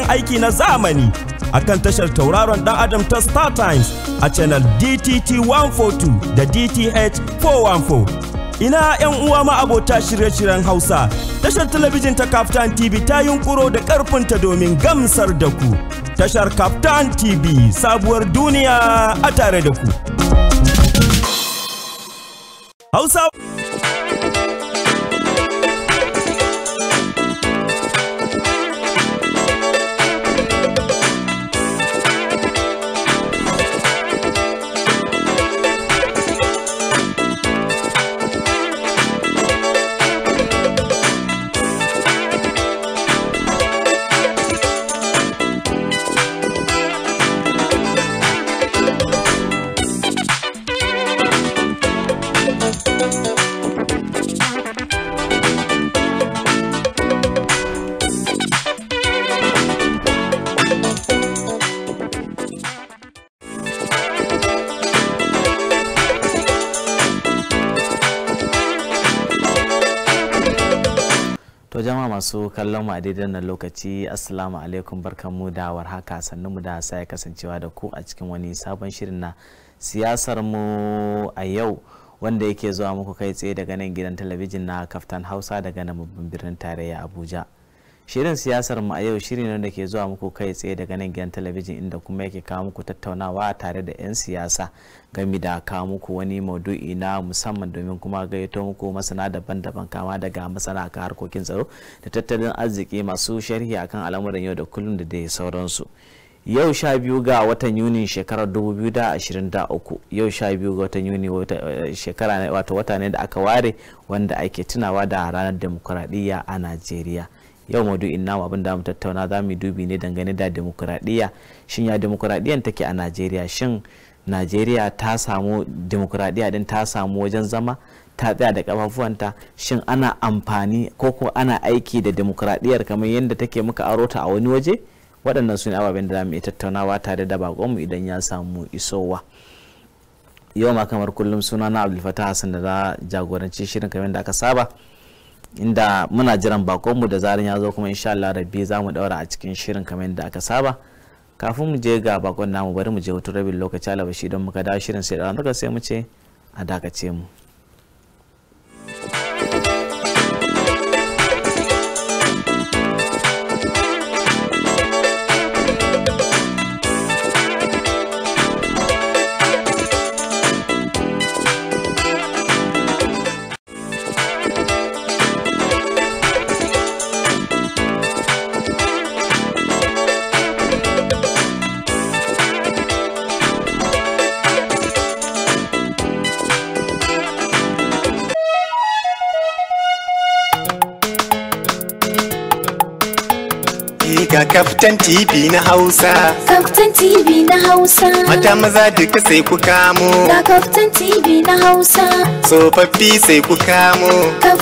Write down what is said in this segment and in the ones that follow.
kayan aiki na zamani kan tashar tauraron dan adam ta Star Times a channel DTT 142 da DTH 414. Ina 'yan uwa ma abota shirye-shiryen Hausa, tashar talabijin ta Kaftan TV ta yunkuro da ƙarfinta domin gamsar da ku. Tashar Kaftan TV sabuwar duniya a tare da ku. Hausa masu kallon mu a daidai wannan lokaci assalamu alaikum barkanmu da warhaka sannan mu da sai kasancewa da ku a cikin wani sabon shirin na siyasar mu a yau wanda yake zuwa muku kai tsaye daga nan gidan talabijin na kaftan hausa daga nan babban birnin tarayya abuja Shirin siyasar mu a yau shiri ne da ke zuwa muku kai tsaye daga nan gidan talabijin inda kuma yake kawo muku tattaunawa tare da 'yan siyasa game da kawo muku wani maudu'i na musamman domin kuma gayyato muku masana daban-daban kama daga masana kan harkokin tsaro da tattalin arziki masu sharhi akan al'amuran yau da kullum da dai sauransu. yau sha biyu ga watan yuni shekarar 2023 yau sha biyu ga watan yuni eh, shekara wato wata ne da aka ware wanda ake tunawa da ranar demokuraɗiyya a najeriya yau maudu'in inna abin da mu tattauna za mu dubi ne dangane da demokuraɗiyya shin ya demokuraɗiyyan take a najeriya shin najeriya ta samu demokuraɗiyya din ta samu wajen zama ta tsaya da kafafuwanta shin ana amfani ko ko ana aiki da demokuraɗiyyar kamar yadda take muka aro ta a wani waje waɗannan su ababen da za mu iya tattaunawa tare da baƙonmu idan ya samu isowa. yau ma kamar kullum suna na abdulfatah hassan da za jagoranci shirin kamar da aka saba inda muna jiran bakonmu da zarin ya zo kuma insha Allah rabbi za mu daura a cikin shirin kamar yadda aka saba kafin mu je ga bakon namu bari mu je hutun rabin lokaci alabashi don muka dawo shirin sai da ranar sai mu ce a dakace mu Kaftan TV na Hausa. Kaftan TV na Hausa. Mata maza duka sai ku kamo. Ga Kaftan TV na Hausa. Tsofaffi sai ku kamo.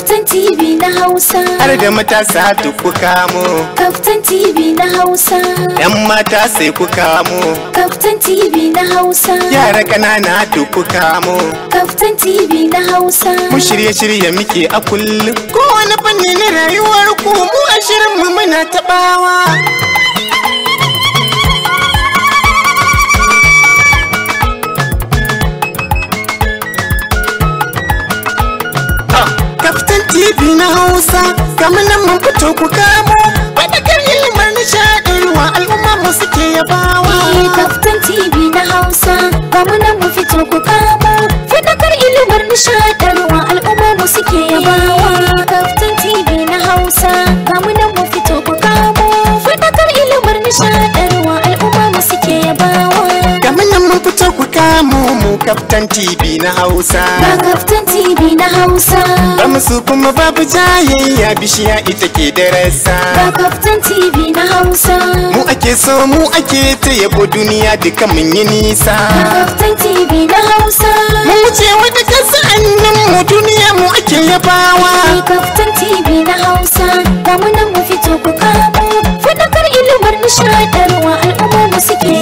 Captain TV na Hausa. Har da matasa duk ku kamo. Kaftan TV na Hausa. Yan mata sai ku kamo. Kaftan TV na Hausa. Yara ƙanana duk ku kamo. Kaftan TV na Hausa. Mu shirye-shirye muke a kullum. Kowane fanni na rayuwar ku mu a shirin mu muna taɓawa. TV na Hausa kamar nan mun fito ku kamo fadakar ilmar nishadarwa al'umma mu suke yabawa eh kaftan TV na Hausa kamar nan mun fito ku kamo fadakar ilmar nishadarwa al'umma mu suke yabawa kaftan TV na Hausa kamar nan mun fito ku kamo fadakar ilmar nishadarwa ku fito ku kamo mu kaftan TV na Hausa. Ba kaftan TV na Hausa. Ba musu kuma babu jayayya bishiya ita ke darasa. Ba kaftan TV na Hausa. Mu ake so mu ake ta yabo duniya duka mun yi nisa. Ba kaftan TV na Hausa. Mu wuce wata kasa annan mu duniya mu ake yabawa. Ba kaftan TV na Hausa. Ba mu nan mu fito ku kamo. nishaɗarwa al'umma suke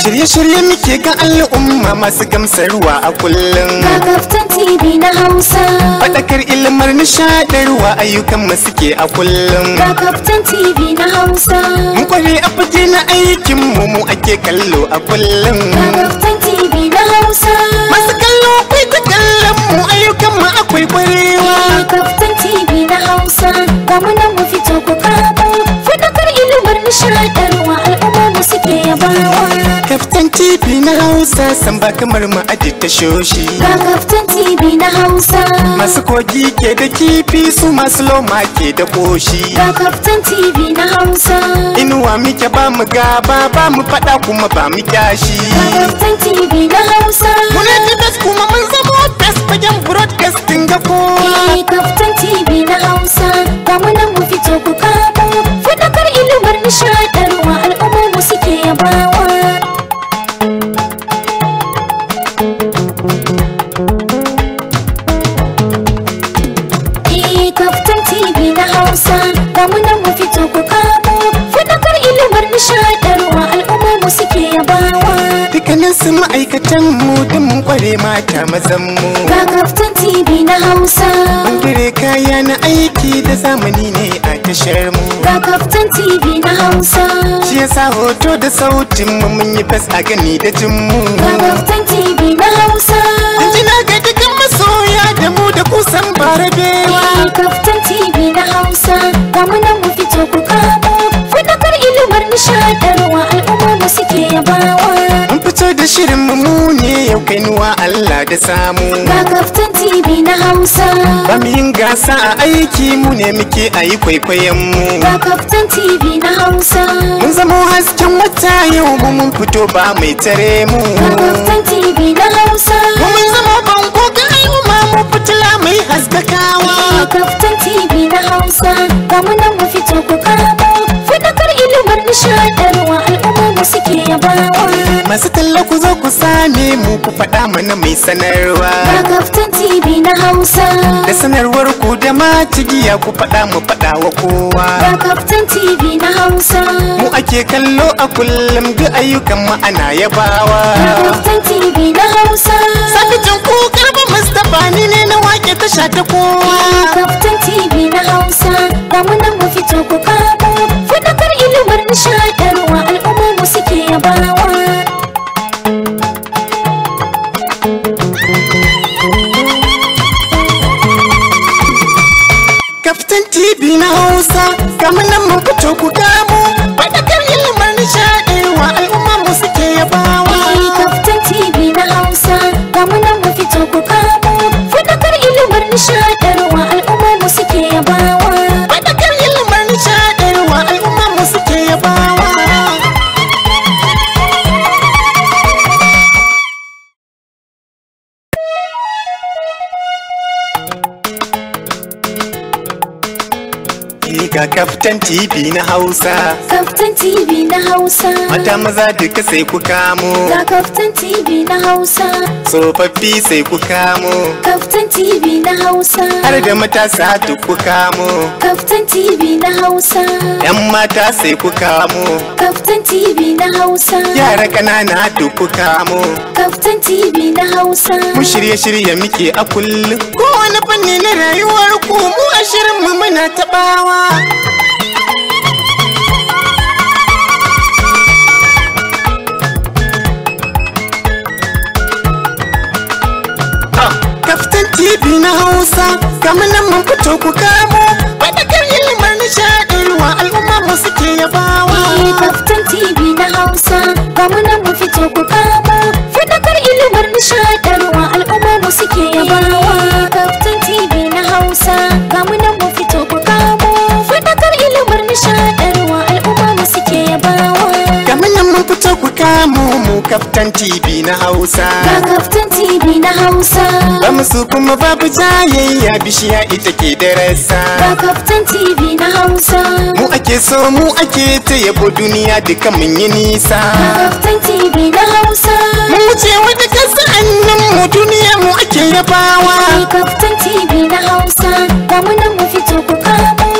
shirye-shirye muke ga al'umma masu gamsarwa a kullum ga kaftan tv na hausa faɗakar ilimar nishadarwa ayyukan mu suke a kullum ga kaftan tv na hausa mu kware a fage na aikin mu mu ake kallo a kullum ga kaftan tv na hausa masu kallo kai ta kallon mu ayyukan mu akwai kwarewa ga kaftan tv na hausa ga mu nan mu fito ku karɓo shirarwa al'umma mu suke yabawa kaftan tv na hausa san ba kamar mu a ta shoshi ga kaftan tv na hausa masu kogi ke da kifi su masu loma ke da koshi ga kaftan tv na hausa inuwa muke ba mu gaba ba mu fada kuma ba mu kyashi ga kaftan tv na hausa muna da bas kuma mun zama best fagen broadcasting ga kowa eh, kaftan tv na hausa ga mu nan mu ganin su ma'aikatan mu din mun kware mata mazan mu Kakaftan tv na hausa Mun kire kaya na aiki da zamani ne a tashar mu Kakaftan tv na hausa shi yasa hoto da sautin mu mun yi fas a gani da jin mu Kakaftan tv na hausa an ji na ga dukkan masoya da mu da kusan barabewa ga kaftan tv na hausa ga mu mu fito ku kamo nishaɗarwa al'umma mu suke yabawa an fito da shirin mu ne yau kainuwa Allah da samu ga kaftan TV na Hausa ba mu yin gasa a aiki mu ne muke ayi kwaikwayon mu ga kaftan TV na Hausa mun zamo hasken wata yau mu mun fito ba mai tare mu ga kaftan TV na Hausa mun zamo bango ga al'umma mu fitila mai haskakawa ga kaftan TV na Hausa ga mu nan mu fito ku kamo nishaɗarwa al'umma mu suke yabawa masu talla ku zo ku same mu ku faɗa mana mai sanarwa ga kaftan tv na hausa da sanarwar ku da ma cigiya ku faɗa mu faɗa wa kowa ga kaftan tv na hausa mu ake kallo a kullum duk ayyukan mu ana yabawa ga kaftan tv na hausa sakacin ku karɓar mustapha ni ne na wake tasha ta kowa kaftan tv na hausa ga mu nan mu fito ku kamo damar nishaɗarwa al'ummar mu suke yabawa Kaftan TV na Hausa, kamar nan mun fito ku damu, faɗakar ilmar nishaɗarwa al'ummar mu suke yabawa. Kaftan TV na Hausa, kamar nan mun fito ku damu, faɗakar ilmar nishaɗarwa. TV na Hausa. Kaftan TV na Hausa. Mata maza duka sai ku kamo. Ga Kaftan TV na Hausa. Tsofaffi sai ku kamo. Kaftan TV na Hausa. Har da matasa duk ku kamo. Kaftan TV na Hausa. Yan mata sai ku kamo. Kaftan TV na Hausa. Yara ƙanana duk ku kamo. Kaftan TV na Hausa. Mu shirye-shirye muke a kullum. Kowane fanni na rayuwar ku mu a shirin mu muna tabawa TV na Hausa kamar nan mun fito ku kamo ilimin ilimar nishaɗarwa al'umma mu suke yabawa Kaftan TV na Hausa kamar nan mun fito ku kamo ilimin ilimar nishaɗarwa al'umma mu suke yabawa Kaftan TV na Hausa kamar nan mun fito ku kamo ilimin ilimar nishaɗarwa al'umma mu suke yabawa ku fito ku mu kaftan TV na Hausa. Ga kaftan TV na Hausa. Ba musu kuma babu jayayya bishiya ita ke darasa. Ga kaftan TV na Hausa. Mu ake so mu ake ta yabo duniya duka mun yi nisa. Ga kaftan TV na Hausa. Mu wuce da kasa annan mu duniya mu ake yabawa. Ga kaftan TV na Hausa. Ga mu nan mu fito ku kamo.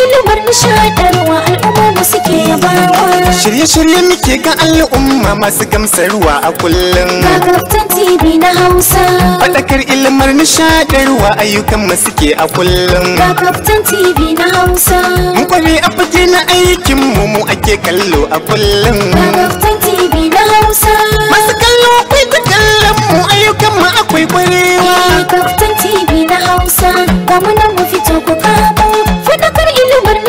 ilimar nishadarwa al'umma mu suke yabawa shirye-shirye muke ga al'umma masu gamsarwa a kullum gagabtan tv na hausa faɗakar ilimar nishadarwa ayyukan mu suke a kullum gagabtan tv na hausa mu a fage na aikin mu ake kallo a kullum gagabtan tv na hausa masu kallo akwai ta kallon mu ayyukan mu akwai kwarewa gagabtan tv na hausa ga mu nan mu fito ku kaba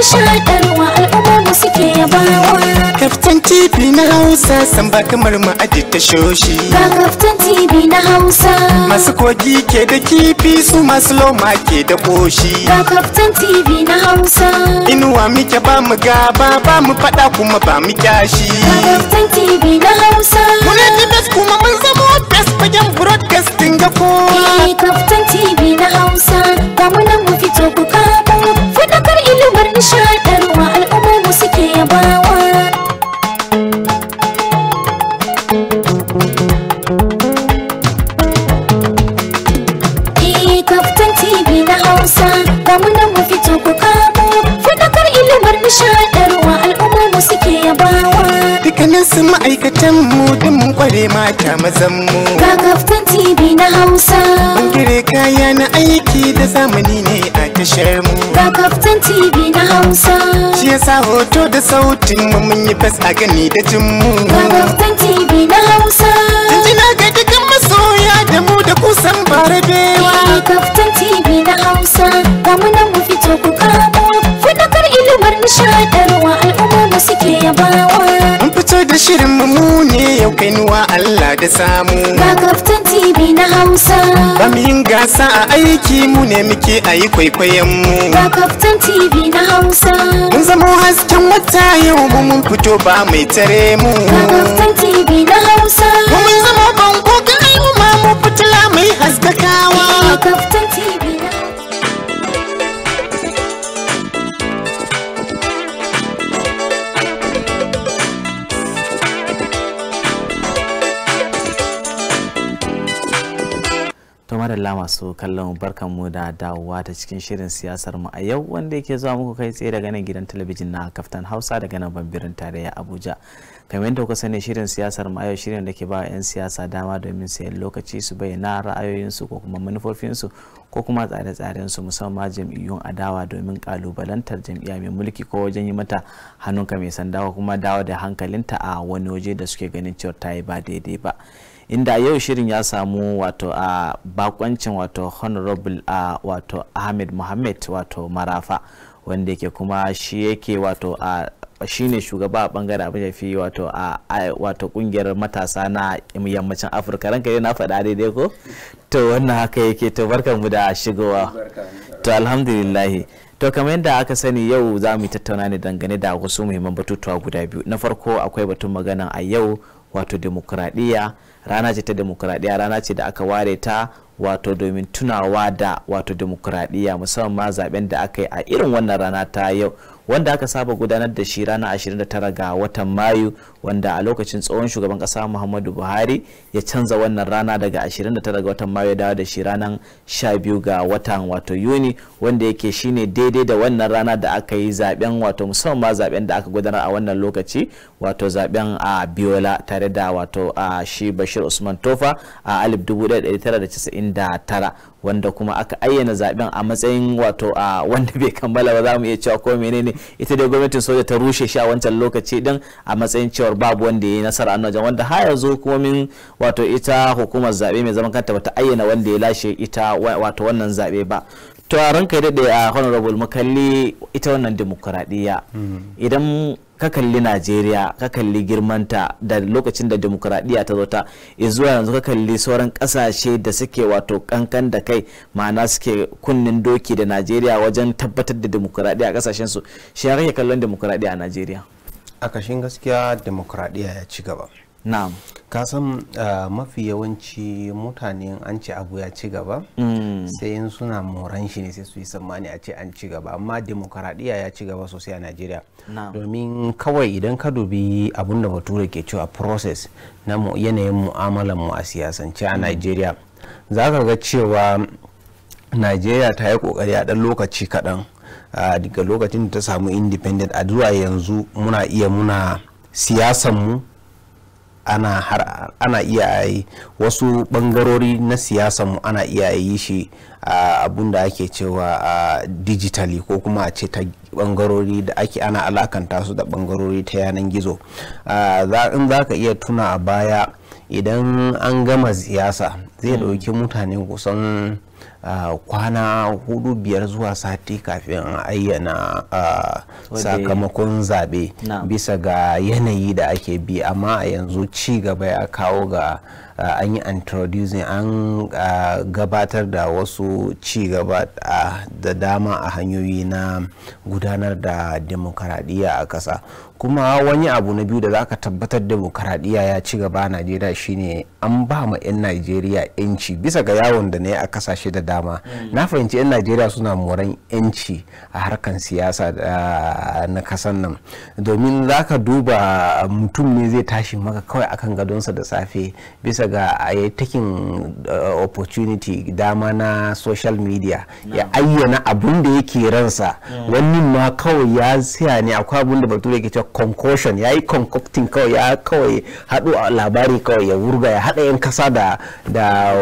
nishaɗarwa al'ummar mu suke yabawa kaftan tv na hausa san ba kamar mu aji ta shoshi ga kaftan tv na hausa masu kogi ke da kifi su masu loma ke da koshi ga kaftan tv na hausa inuwa muke ba mu gaba ba mu faɗa kuma ba mu kyashi ga kaftan tv na hausa muna da kuma mun zama best fagen broadcasting ga kowa eh, kaftan tv matasa mazan mu Kaftan TV na Hausa kire kaya na aiki da zamani ne a tashar mu Kaftan TV na Hausa Shi yasa hoto da sautin mu mun yi fas a gani da jin mu Kaftan TV na Hausa Jinjina ga dukkan masoya da mu da kusan barabewa Kaftan TV na Hausa Ga mu nan mu fito ku kamo Fadakar ilimar nishadarwa al'umma mu suke yabawa shirin mu ne yau kainuwa Allah da samu. Ga kaftan TV na Hausa. Ba mu yin gasa a aiki mu ne muke ayi yi kwaikwayon mu. Ga kaftan TV na Hausa. Mun zamo hasken wata yau mu mun fito ba mai tare mu. Ga kaftan TV na Hausa. Mun zamo bango ga ma mu fitila mai haskakawa. Ga kaftan TV Madalla masu kallon barkan mu da dawowa ta cikin shirin siyasar mu a yau wanda yake zuwa muku kai tsaye daga nan gidan talabijin na kaftan Hausa daga nan bambirin tarayya Abuja. Kamar yadda kuka sani shirin siyasar mu a yau shirin da ke ba 'yan siyasa dama domin sayan lokaci su bayyana ra'ayoyinsu ko kuma manufofinsu ko kuma tsare-tsarensu musamman jam'iyyun adawa domin kalubalantar jam'iyya mai mulki ko wajen yi mata hannunka mai sanda kuma dawo da hankalinta a wani waje da suke ganin cewa ta yi ba daidai ba. inda yau shirin ya samu wato a bakoncin wato honorable a wato ahmed mohammed wato marafa wanda yake kuma shi yake wato a shine shugaba a bangare abin fi wato a wato kungiyar matasa na yammacin afirka ranka yana na faɗa daidai ko to wannan haka yake to barkan mu da shigowa to alhamdulillah to kamar yadda aka sani yau za mu tattauna ne dangane da wasu muhimman batutuwa guda biyu na farko akwai batun magana a yau wato demokradiyya rana ce ta demokuraɗiyya rana ce da aka ware ta wato domin tunawa da wato demokuraɗiyya musamman ma zaben da aka yi a irin wannan rana ta yau wanda aka saba gudanar da shi ranar 29 ga watan mayu wanda a lokacin tsohon shugaban kasa muhammadu buhari ya canza wannan rana daga 29 ga watan mayu ya dawo da shi ranar 12 ga watan wato yuni wanda yake shine daidai da wannan rana da aka yi zaben wato musamman zaben da aka gudanar a wannan lokaci wato zaben a biola tare da wato a shi bashir usman tofa a 1999 wanda kuma aka ayyana zaben a matsayin wato a wanda bai kammala ba za mu iya cewa ko menene ita dai gwamnatin soja ta rushe shi a wancan lokaci din a matsayin cewar babu wanda ya yi nasara a wajen wanda har yanzu kuma min wato ita hukumar zaɓe mai zaman kanta bata ayyana wanda ya lashe ita wato wannan zaɓe ba to a ranka daɗe a honorable mukalli ita wannan demokuraɗiyya hmm. idan ka kalli najeriya ka kalli girmanta da lokacin da demokuraɗiyya ta zo ta zuwa yanzu ka kalli sauran ƙasashe da suke wato kankan da kai ma'ana suke kunnin doki da najeriya wajen tabbatar da demokuraɗiyya a ƙasashen su shi ya kake kallon demokuraɗiyya a najeriya a kashin gaskiya demokuraɗiyya ya ci gaba na'am kasan ah, mafi yawanci mutane an ce abu ya ci gaba mm. sai in suna moran shi ne sai su yi tsammani a ce an ci gaba amma demokaradiyya ya ci gaba sosai a najeriya domin kawai idan ka dubi abun da bature ke cewa process na yanayin mu'amalar mu a siyasance a mm. najeriya za ka ga cewa najeriya ta yi kokari a ɗan lokaci kaɗan ah, daga lokacin da ta samu independent a zuwa yanzu muna iya muna siyasan mu ana har ana iya yi wasu bangarori na siyasa mu ana iya yi shi a abun da ake cewa a digitally ko kuma a ce ta bangarori da ake ana alakanta su da bangarori ta yanan gizo uh, in za ka iya tuna a baya idan an gama siyasa zai dauki hmm. mutane kusan Ah, kwana hudu biyar zuwa sati kafin ayyana ah, sakamakon zaɓe bisa ga yanayi da ake bi amma yanzu ci gaba ya kawo ga Uh, an yi introducing an uh, gabatar da wasu ci gaba uh, da dama a hanyoyi na gudanar da demokaradiyya a ƙasa kuma wani abu na biyu da za ka tabbatar demokaradiyya ya ci gaba a najeriya shine an ba ma 'yan najeriya 'yanci bisa ga yawon da na yi a kasashe da dama mm. na fahimci 'yan najeriya suna moran 'yanci a harkan siyasa na kasan nan domin za ka duba mutum ne zai tashi maka kawai akan gadonsa da safe bisa bisa ga a uh, opportunity dama na social media ya ayyana abun da yake ransa wani ma kawai ya siya ne akwai abun da bature ke cewa concussion ya yi concocting kawai ya kawai haɗo labari kawai ya wurga ya haɗa yan kasa da da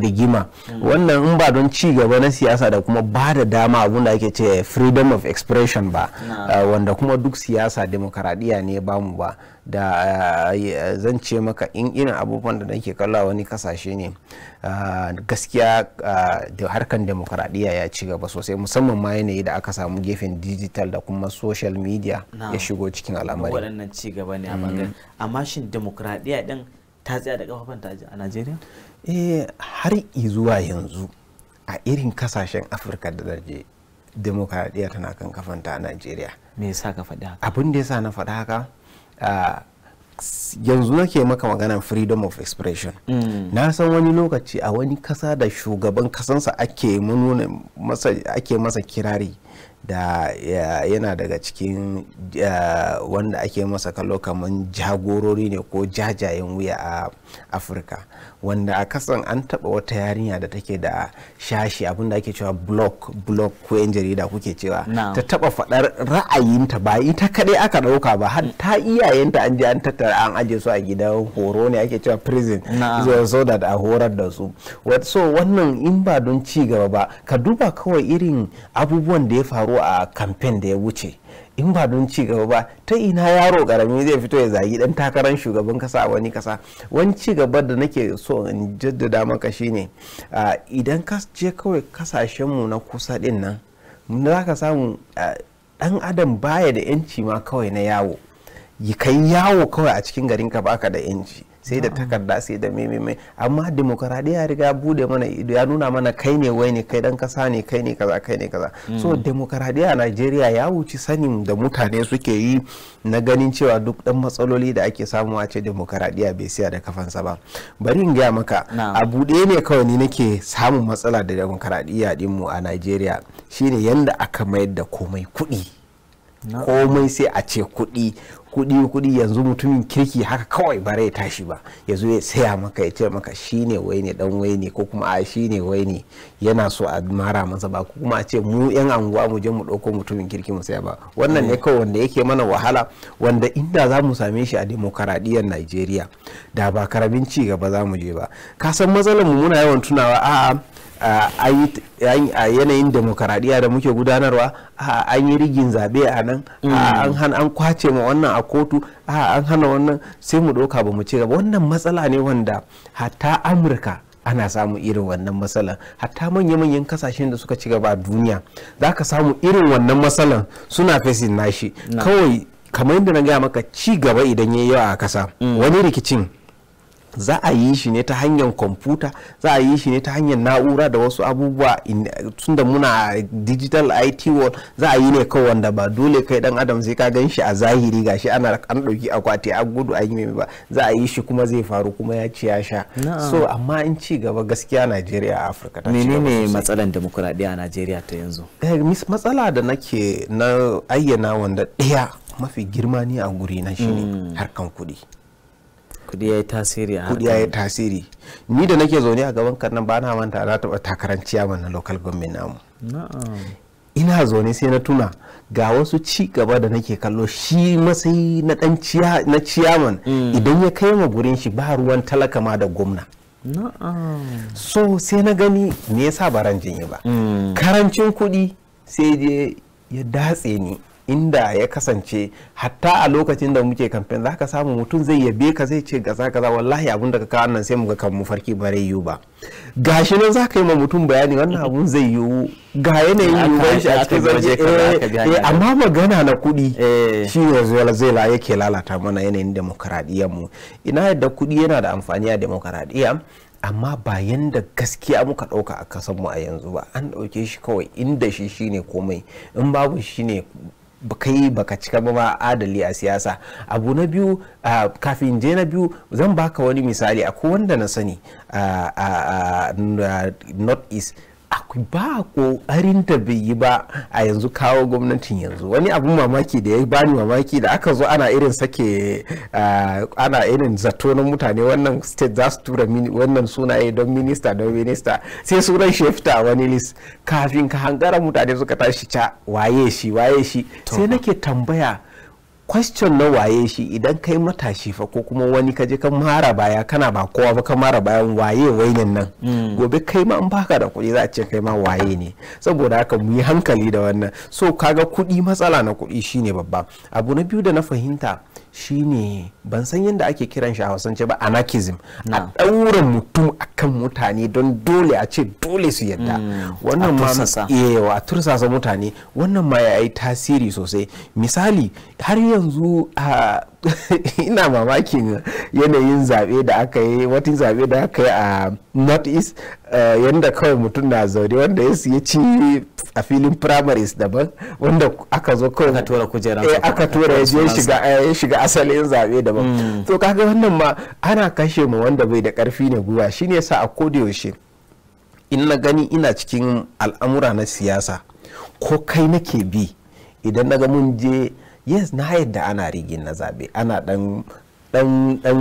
rigima mm. wannan in ba don ci gaba na siyasa da kuma ba da dama abun da ake ce freedom of expression ba uh, wanda kuma duk siyasa demokaradiyya ne ba mu ba da eh, zan ce maka in irin abubuwan da nake kalla wani kasashe ne ah, gaskiya ah, da harkan demokuraɗiyya ya ci gaba sosai musamman ma yanayi da aka samu gefen digital da kuma social media ya shigo cikin al'amari waɗannan ci gaba ne mm. amma shin demokuraɗiyya din ta tsaya da ta a najeriya eh har zuwa yanzu a irin kasashen afirka da zarje demokaradiyya tana kan kafanta a najeriya me yasa ka faɗi haka abin da yasa na faɗi haka Ah, yanzu nake maka magana freedom of expression mm. na san wani lokaci a wani kasa da shugaban kasansa ake masa kirari da yana daga cikin ah, wanda ake masa kallo kaman jagorori ne ko jajayen wuya a afirka wanda a kasan an taba wata yarinya da take da shashi abinda ake cewa block block ko yan jarida kuke cewa ta taba fadar ra'ayinta ba ita kadai aka dauka ba har ta iyayenta an je an tattara an aje su a gidan horo ne ake cewa prison zo da a horar da su so wannan in ba don ci gaba ba ka duba kawai irin abubuwan da ya faru a kamfen da ya wuce in ba don ci gaba ba ta ina yaro karami zai fito ya zagi dan takarar shugaban kasa a wani kasa wani ci gaba da nake so in jaddada maka shine idan ka je kawai kasashen mu na kusa din nan za ka samu dan adam baya da yanci ma kawai na yawo kai yawo kawai a cikin garin ka baka da yanci sai da takarda sai da meme mai amma demokaradiyya riga bude mana ido ya nuna mana kai ne wai ne kai dan kasa ne kai ne kaza kai ne kaza mm. so demokaradiyya a Najeriya ya wuce sanin da mutane suke yi na ganin cewa duk dan matsaloli da ake samu a ce demokaradiyya bai siya da kafansa ba bari in gaya maka a bude ne kawai ni nake samun matsala da demokaradiyya mu a Najeriya shine yanda aka mayar da komai kuɗi komai sai a ce kuɗi kuɗi kuɗi yanzu mutumin kirki haka kawai bara ya tashi ba ya zo ya saya maka ya ce maka shi ne wai ne dan wai ne ko kuma a shi ne wai ne yana so a mara masa ba ko kuma a ce mu yan anguwa mu je mu dauko mutumin kirki mu saya ba wannan ne mm. kawai wanda yake mana wahala wanda inda za mu same shi a demokaradiyyar Najeriya da ba karamin ci gaba za mu je ba ka san matsalar mu muna yawan tunawa a'a a yanayin demokaradiyya da muke gudanarwa an yi rigin zaɓe a nan mm. an kwace ma wannan a kotu an hana wannan sai mu ɗauka ba mu ci gaba wannan matsala ne wanda hatta amurka ana samu irin wannan matsalan hatta manya-manyan kasashen da suka ci gaba a duniya za ka samu irin wannan matsalan suna fesin nashi kawai kamar yadda na gaya maka ci gaba idan ya yi yawa a kasa mm. wani rikicin za a yi shi ne ta hanyar kwamfuta za a yi shi ne ta hanyar na'ura da wasu abubuwa tun da muna digital it world za a yi ne kawai wanda ba dole kai dan adam zai ka gan shi a zahiri gashi ana an dauki akwati a gudu a yi ba za a yi shi kuma zai faru kuma ya ci ya sha so amma in ci gaba gaskiya najeriya a afirka ta menene matsalan demokuraɗiyya a najeriya ta yanzu eh, matsala da nake na ayyana wanda ɗaya mafi girma ni a guri na shi ne mm. harkan kuɗi kudi ya yi tasiri a kudi ya yi tasiri ni da nake zaune a gaban karnan ba na manta na ba takarar ciyaman na local government namu ina zaune sai na tuna ga wasu ci gaba da nake kallo shi matsayi na dan na ciyaman mm. idan ya kai ma gurin shi ba ruwan talaka ma da gwamna so sai na gani me yasa baran jinye ba mm. karancin kuɗi sai je ya datse ni inda ya kasance hatta a lokacin da muke kamfen za ka samu mutum zai yabe ka zai ce gaza gaza wallahi abun da ka kawo nan sai mu ga kan mu farki ba yiwu ba gashi nan za ka yi ma mutum bayani wannan abun zai yiwu ga yanayin yiwuwar shi a cikin zarje eh, eh, amma magana na kuɗi eh. shi ne zai la yake lalata mana yanayin demokaradiyyar mu ina yadda kuɗi yana da amfani a demokaradiyya amma ba yanda gaskiya muka ɗauka a kasanmu a yanzu ba an ɗauke shi kawai inda shi shine komai in babu shine kai baka cika ba ma adali a siyasa abu na biyu kafin je na biyu zan baka wani misali akwai wanda na sani a north east ba ƙoƙarin ta bai yi ba a yanzu kawo gwamnatin yanzu wani abin mamaki da ya bani mamaki da aka zo ana irin sake ana irin zato na mutane wannan state za su tura wannan sunaye don minista don minista sai sunan shi ya fita a wani list kafin ka hangara mutane suka tashi ca waye shi waye shi sai nake tambaya question na waye shi idan kai matashi fa ko kuma wani kaje kan mara baya kana ba kowa ba kan mara bayan waye wainin nan hmm. gobe kai ma an baka da kuɗi za a ce kai ma waye ne saboda haka mu yi hankali da wannan so kaga kuɗi matsala na kuɗi shine babba abu na biyu da na fahimta shine ban san yadda ake kiran shi a hausance ba anarchism a ɗaura mutum akan mutane don dole a ce dole su yadda mm. wannan ma eh, a tursasa mutane wannan ma ya yi tasiri sosai misali har yanzu a ina mamakin yanayin zaɓe da aka yi wata zaɓe da aka yi a north east eh, yadda kawai mutum na zaune wanda ya ci a filin primaries daban wanda aka zo kawai aka tura eh aka tura ya shiga eh, ya shiga asalin zaɓe daban hmm. to kaga wannan ma ana kashe mu wanda bai da ƙarfi ne guwa shine yasa a kodayaushe in na gani ina cikin al'amura na siyasa ko kai nake bi idan na ga mun je yes na yadda ana rigin na zabe ana dan dan dan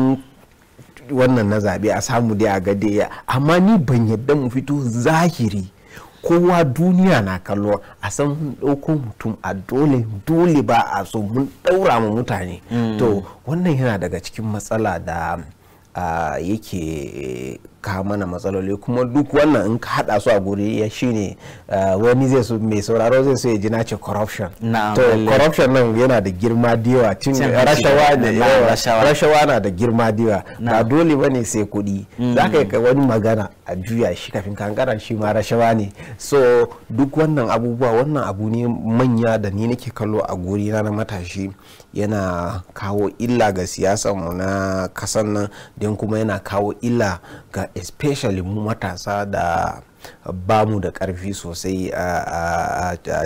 wannan na zabe a samu dai a gade amma ni ban yadda mu fito zahiri kowa duniya na kallo a san mun ɗauko mutum a dole dole ba a so mun ɗaura ma mutane mm. to wannan yana daga cikin matsala da ah, yake ka mana matsaloli kuma duk wannan in ka hada su a guri ya ne eh, wani zai su mai sauraro zai su ya jina ce corruption to corruption nan yana da girma diwa cin rashawa da rashawa na da girma diwa ba dole bane sai kuɗi mm. za ka yi wani magana a juya shi kafin kankara shi ma rashawa ne so duk wannan abubuwa wannan abu ne manya da ni nake kallo a guri na matashi yana kawo illa ga mu na kasan nan don kuma yana kawo illa ga especially mu matasa da ba mu da karfi sosai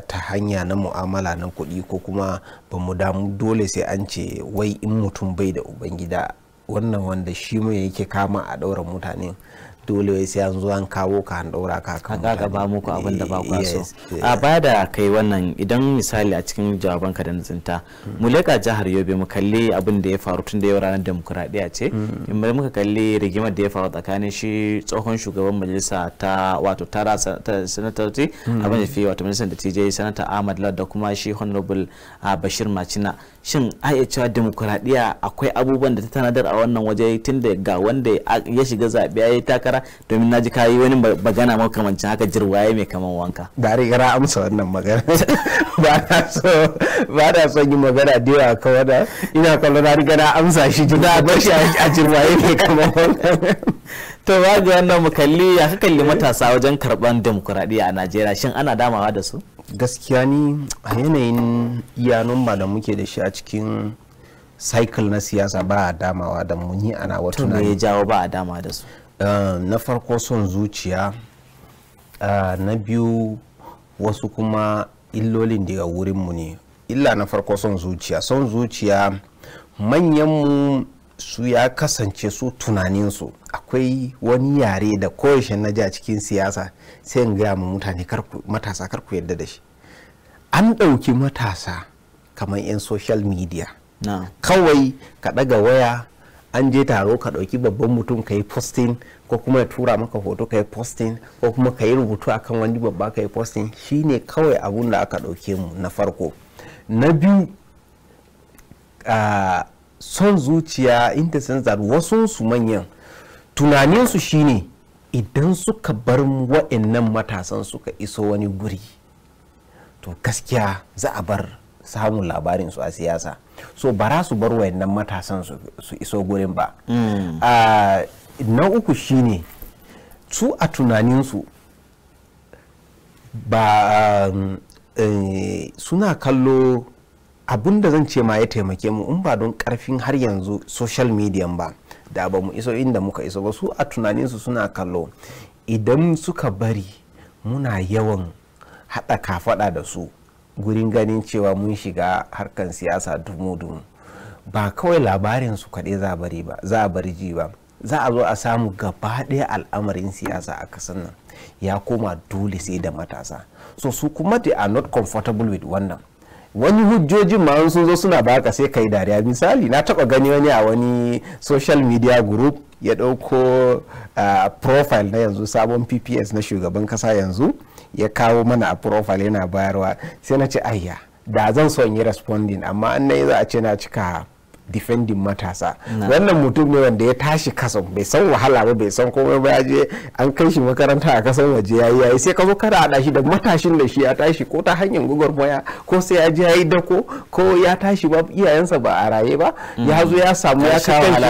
ta hanya na mu'amala na kuɗi ko kuma ba mu damu dole sai an ce wai in mutum bai da ubangida wannan wanda shi mai yake kama a ɗaurin mutane dole sai an zo an kawo ka an daura ka kan ka ba muku abin da ba ku so a baya da kai wannan idan misali a cikin jawabanka da nzinta mu leka jihar Yobe mu kalli abin da ya faru tun da yau ranar demokradiya ce in mu muka kalli rigimar da ya faru tsakanin shi tsohon shugaban majalisa ta wato tara sanatoci hmm. abin da fi wato majalisar da TJ sanata Ahmad Lawal da kuma shi honorable ah, Bashir Macina shin ai cewa demokuraɗiyya akwai abubuwan da ta tanadar a wannan waje tun da ga wanda ya shiga zaɓe ya yi takara domin na ji kayi wani magana makamancin haka jirwaye mai kaman wanka. da rigara amsa wannan magana ba na son yi magana da yawa ka wada ina kallo na rigara amsa shi jina ba shi a jirwaye mai kaman wanka. to ba ga wannan mu kalli ya kalli matasa wajen karɓan demokuraɗiyya a najeriya shin ana damawa da su. gaskiya ni a yanayin iyanun da muke da shi a cikin cycle na siyasa ba a damawa da muni ana wata ne ya jawo ba a dama da su eh, na farko son zuciya eh, na biyu wasu kuma illolin daga wurinmu ne illa na farko son zuciya son zuciya manyanmu su ya kasance su tunaninsu akwai wani yare da koyaushe na ja cikin siyasa sai in gaya ma mutane matasa karku yadda da shi an ɗauki matasa kamar 'yan social media kawai ka ɗaga waya an je taro ka ɗauki babban mutum ka yi posting ko kuma ya tura maka hoto ka yi posting ko kuma ka yi rubutu akan wani babba ka yi posting shine kawai abun da aka ɗauke mu na farko na biyu uh, son zuciya in the wasu su manyan tunaninsu shine idan suka bar wa'annan matasan suka iso wani guri to gaskiya za a bar samun labarin su a siyasa so bara su bar wa'annan matasan su iso gurin ba mm. ah, na uku shine su a tunaninsu ba eh, suna kallo abin da zan ce ma ya taimake mu in ba don karfin har yanzu social media ba da ba mu iso inda muka iso ba su a tunanin su suna kallo idan suka bari muna yawan haɗa kafaɗa da su gurin ganin cewa mun shiga harkan siyasa dumu-dumu ba kawai labarin su kaɗai za bari ba za a bari ji ba za a zo a samu gaba ɗaya al'amarin siyasa a kasan nan ya koma dole sai da matasa so su kuma they are not comfortable with wannan wani hujjojin ma sun zo suna baka sai kai dariya misali na taba gani wani a wani social media group ya dauko profile na yanzu sabon pps na shugaban kasa yanzu ya kawo mana a profile yana bayarwa sai na ce ayya da zan son yi responding amma an na yi za a ce na cika defending matasa wannan mutum ne wanda ya tashi kasa bai san wahala ba bai san komai ba ya je an kai shi makaranta a kasan waje yayi yayi sai ka zo kada hada shi da matashin da shi ya tashi ko ta hanyar gwagwarmaya ko sai ya je yayi dako ko ya tashi ba iyayensa ba a raye ba mm. ya zo ya samu ya sha wahala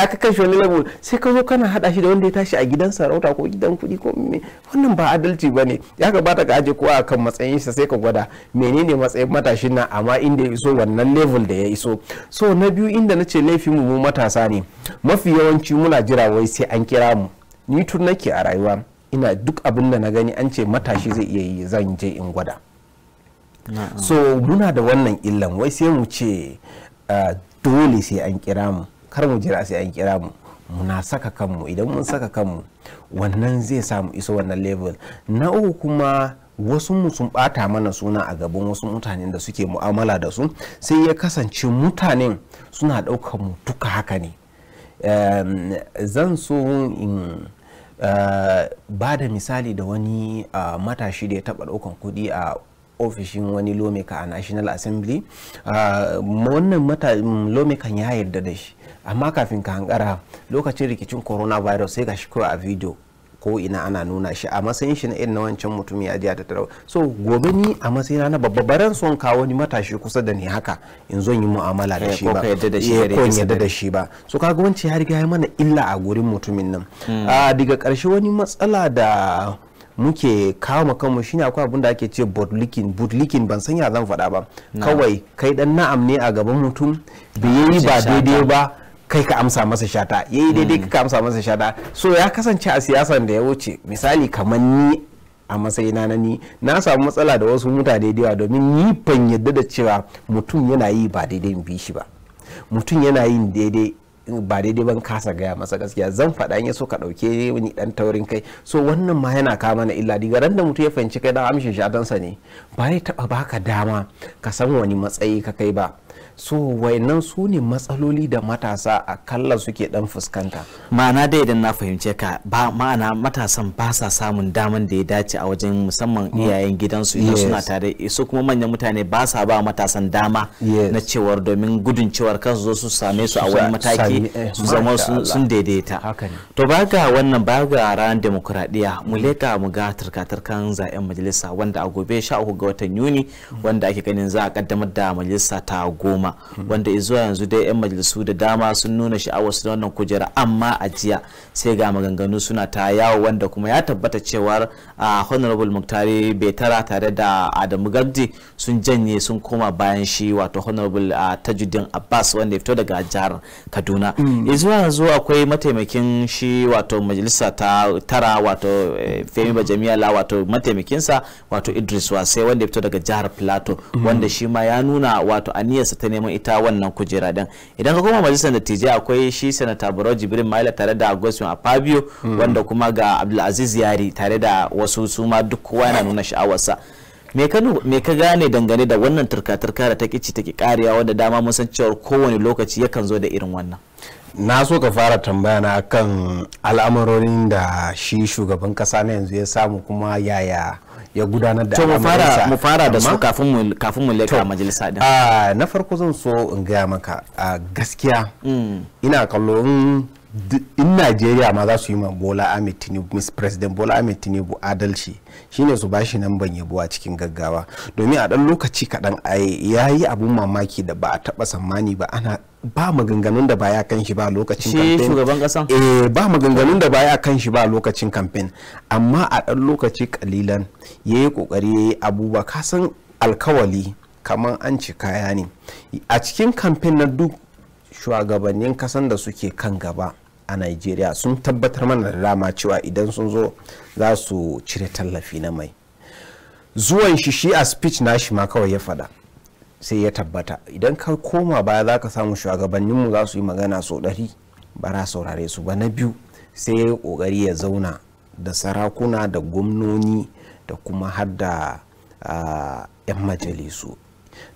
ya kai shi wani level sai ka zo kana hada shi da wanda ya tashi a gidan sarauta ko gidan kuɗi ko me wannan ba adalci bane ya gabata ka aje kowa kan matsayin sa sai ka gwada menene matsayin matashin nan amma inda ya iso wannan level da ya iso so na biyu inda na ce laifin mu matasa ne mafi yawanci muna jira wai sai an kira mu ni tun nake a rayuwa ina duk abin da na gani an ce matashi zai iya yi zan je in gwada so muna da wannan illan wai sai mu ce ah, dole sai an kira mu kar mu jira sai an kira mu muna saka kanmu idan mun saka kanmu wannan zai sa mu iso wannan level na uku kuma wasu sun bata mana suna a gaban wasu mutanen da suke mu'amala da su sai ya kasance mutanen suna ɗaukar mu duka haka ne zan so in eh, ba da misali da wani matashi da ya taɓa ɗaukan kuɗi a ofishin wani lomeka a national assembly wannan lomekan ya yarda da shi amma kafin ka hankara lokacin rikicin coronavirus sai ga shi kawai a video ko ina ana nuna shi a matsayin shi na irin na wancan mutum ya ajiya ta tarau so gobe ni a matsayin na babba baran son kawo ni matashi kusa da ni haka in zo yi mu'amala da eh, shi ba ko yadda da eh, shi ba so kaga wancan ya riga ya mana illa a gurin mutumin nan hmm. a ah, daga karshe wani matsala da muke kama kanmu shine akwai abin da ake ce botlikin botlikin ban san ya zan faɗa ba kawai kai dan na'am ne a gaban mutum bai yi ba daidai ba kai ka amsa masa shata Ya yi daidai ka amsa masa shata so ya kasance a siyasan da ya wuce misali kamar ni a matsayina na ni na samu matsala da wasu mutane da yawa domin ni ban yadda da cewa mutum yana yi ba daidai in bi shi ba mutum yana yin daidai ba daidai ban kasa gaya masa gaskiya zan faɗa in ya so ka ɗauke ni ɗan taurin kai so wannan ma yana kama na illa diga ran da mutum ya fahimci kai dan amshin shatansa ne ba ya taɓa baka dama ka san wani matsayi ka kai ba so wayannan su ne matsaloli da matasa a kalla suke dan fuskanta ma'ana dai idan na fahimce ka ba ma'ana matasan ba sa samun daman da ya dace a wajen musamman mm. iyayen gidansu idan suna tare su kuma manyan mutane ba sa ba matasan dama na cewar domin gudun cewar kansu zo su same su a wani mataki eh, su zama sun daidaita to ba ga wannan ba ga ranar demokradiya mu leka mu ga turkatarkan zaben majalisa wanda a gobe 13 ga watan yuni mm. wanda ake ganin za a kaddamar da majalisa ta goma goma wanda zuwa yanzu dai 'yan majalisu da dama sun nuna sha'awar su wannan kujera amma a jiya sai ga maganganu suna ta yawo wanda kuma ya tabbata cewar a honorable muktari betara tare da adamu gardi sun janye sun koma bayan shi wato honorable tajuddin abbas wanda ya fito daga jihar kaduna mm. zuwa yanzu akwai mataimakin shi wato majalisa ta tara wato eh, femi bajamiyala wato mataimakinsa wato idris wase wanda ya fito daga jihar plateau mm. wanda shi ma ya nuna wato aniyarsa ta neman ita wannan kujera din idan ka koma majalisar dattijai akwai shi sanata buro jibrin maila tare da agustin a fabio hmm. wanda kuma ga abdulaziz yari tare da wasu suma duk kowa yana nuna sha'awarsa me ka gane dangane da wannan turka da ta kici take kariya wanda dama mun san cewa kowane lokaci yakan zo da irin wannan na so ka fara tambaya na kan al'amarorin da shi shugaban kasa na yanzu ya samu kuma yaya ya gudanar da al'amuransa mu fara da su kafin mu kafin mu leka majalisa din na farko zan so in gaya maka gaskiya mm. ina kallon. in najeriya ma za su yi ma bola ahmed tinubu miss president bola ahmed tinubu adalci shine su bashi nan ban yabo a cikin gaggawa domin a dan lokaci kaɗan ya yi abun mamaki da ba a taɓa tsammani ba ana ba maganganun da baya kan shi ba lokacin campaign shi shugaban kasa eh ba maganganun da baya kan shi ba lokacin campaign amma a dan lokaci kalilan yayi kokari yayi abubuwa ka san alkawali kaman an ci kaya ne a cikin campaign na duk shugabannin kasan da suke kan gaba a nigeria sun tabbatar mana da dama cewa idan sun zo za su cire tallafi na mai zuwan shi shi a speech shi ma kawai ya faɗa sai ya tabbata idan ka koma baya za ka samu shugabanninmu za su yi magana sau ɗari bara saurare su ba na biyu sai ya yi ƙoƙari ya zauna da sarakuna da gwamnoni da kuma har da ah, 'yan majalisu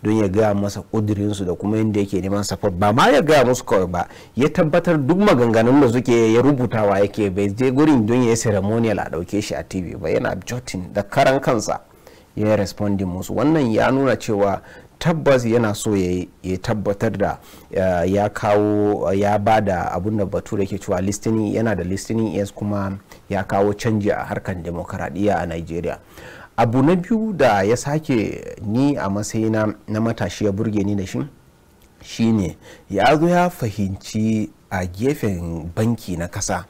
don ya gaya masa ƙudurinsu da kuma yadda yake neman safar ba ma ya gaya musu kawai ba ya tabbatar duk maganganun da suke ya rubutawa yake bai je gurin don ya yi ceremonial a ɗauke shi a tv ba yana jotin da karan kansa ya yi responding musu wannan ya nuna cewa tabbas yana so ya tabbatar da ya kawo ya ba da abun da bature ke cewa listening yana da listening yes kuma ya kawo canji a harkar demokaradiyya a nigeria abu na biyu da ya sake ni a matsayina na matashi ya burge ni da shi shine ya zo ya fahimci a gefen banki na kasa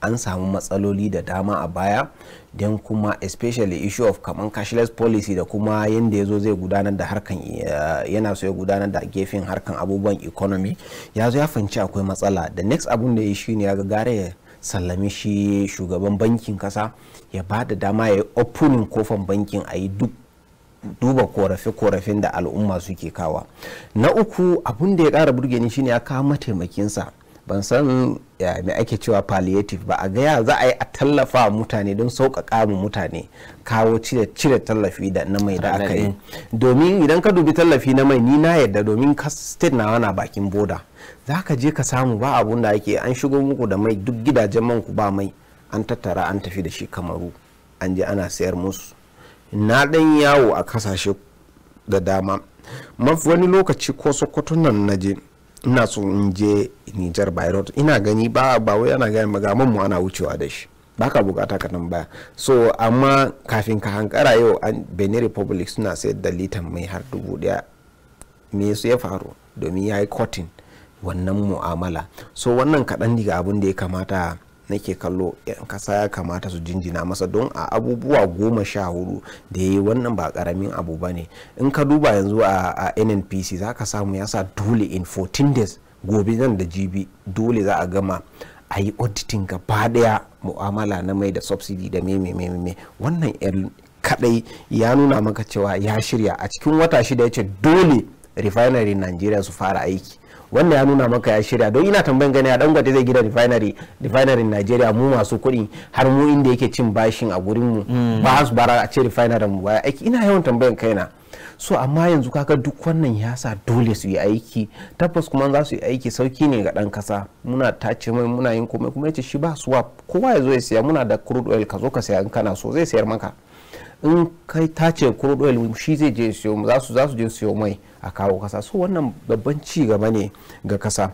an samu matsaloli da dama a baya don kuma especially issue of kaman cashless policy da kuma yadda ya zo zai gudanar da harkan eh, yana so ya gudanar da gefen harkan abubuwan economy ya zo ya fahimci akwai matsala da next abun da ya shi ne ya ga gare sallami shi shugaban bankin kasa ya ba da dama ya yi open kofan bankin a yi duk duba korafe-korafen da al'umma suke kawa na uku abun da ya kara burge ni shine ya kawo mataimakinsa ban san mai ake cewa palliative ba a gaya za a yi a tallafa mutane don sauƙaƙa mu mutane kawo cire tallafi da na mai da aka yi domin idan ka dubi tallafi na mai ni na yadda domin ka state na bakin boda za ka je ka samu ba abun da ake an shigo muku da mai duk gidajen manku ba mai an tattara an tafi da shi kamaru an je ana sayar musu na ɗan yawo a kasashe da dama mafi wani lokaci ko sokoto nan na je ina so in je nijar bayrot ina gani ba ba wai ana gani magaman mu ana wucewa da shi ba ka bukata ka baya so amma kafin ka hankara yau an benin republic suna sayar da litan mai har dubu daya me su ya faru domin ya yi cotton wannan mu'amala so wannan kaɗan daga abin da ya kamata nake kallo yan kasa ya kamata su jinjina masa don a abubuwa goma sha hudu da ya yi wannan ba karamin abu ba ne in ka duba yanzu a nnpc za ka samu ya sa dole in 14 days gobe nan da jibi dole za a gama a yi auditing gaba daya mu'amala na mai da subsidy da meme meme wannan yan kadai ya nuna maka cewa ya shirya a cikin wata shida ya ce dole refinery nigeria su fara aiki wannan ya nuna maka ya shirya don ina tambayin gani a dangote zai gina refinery refinery Najeriya mu masu kuɗi har mu inda yake cin bashin a gurin mu mm. ba su bara a ce refinery mu baya aiki ina yawan tambayan kaina so amma yanzu kaka duk wannan ya sa dole su yi aiki tabbas kuma za su yi aiki sauki ne ga dan kasa muna tace mai muna yin komai kuma yace shi ba swap kowa ya zo ya siya muna da crude oil ka zo ka siya in kana so zai sayar maka in kai tace crude oil shi zai je siyo za su za su je siyo mai a kawo kasa so wannan babban ci gaba ne ga kasa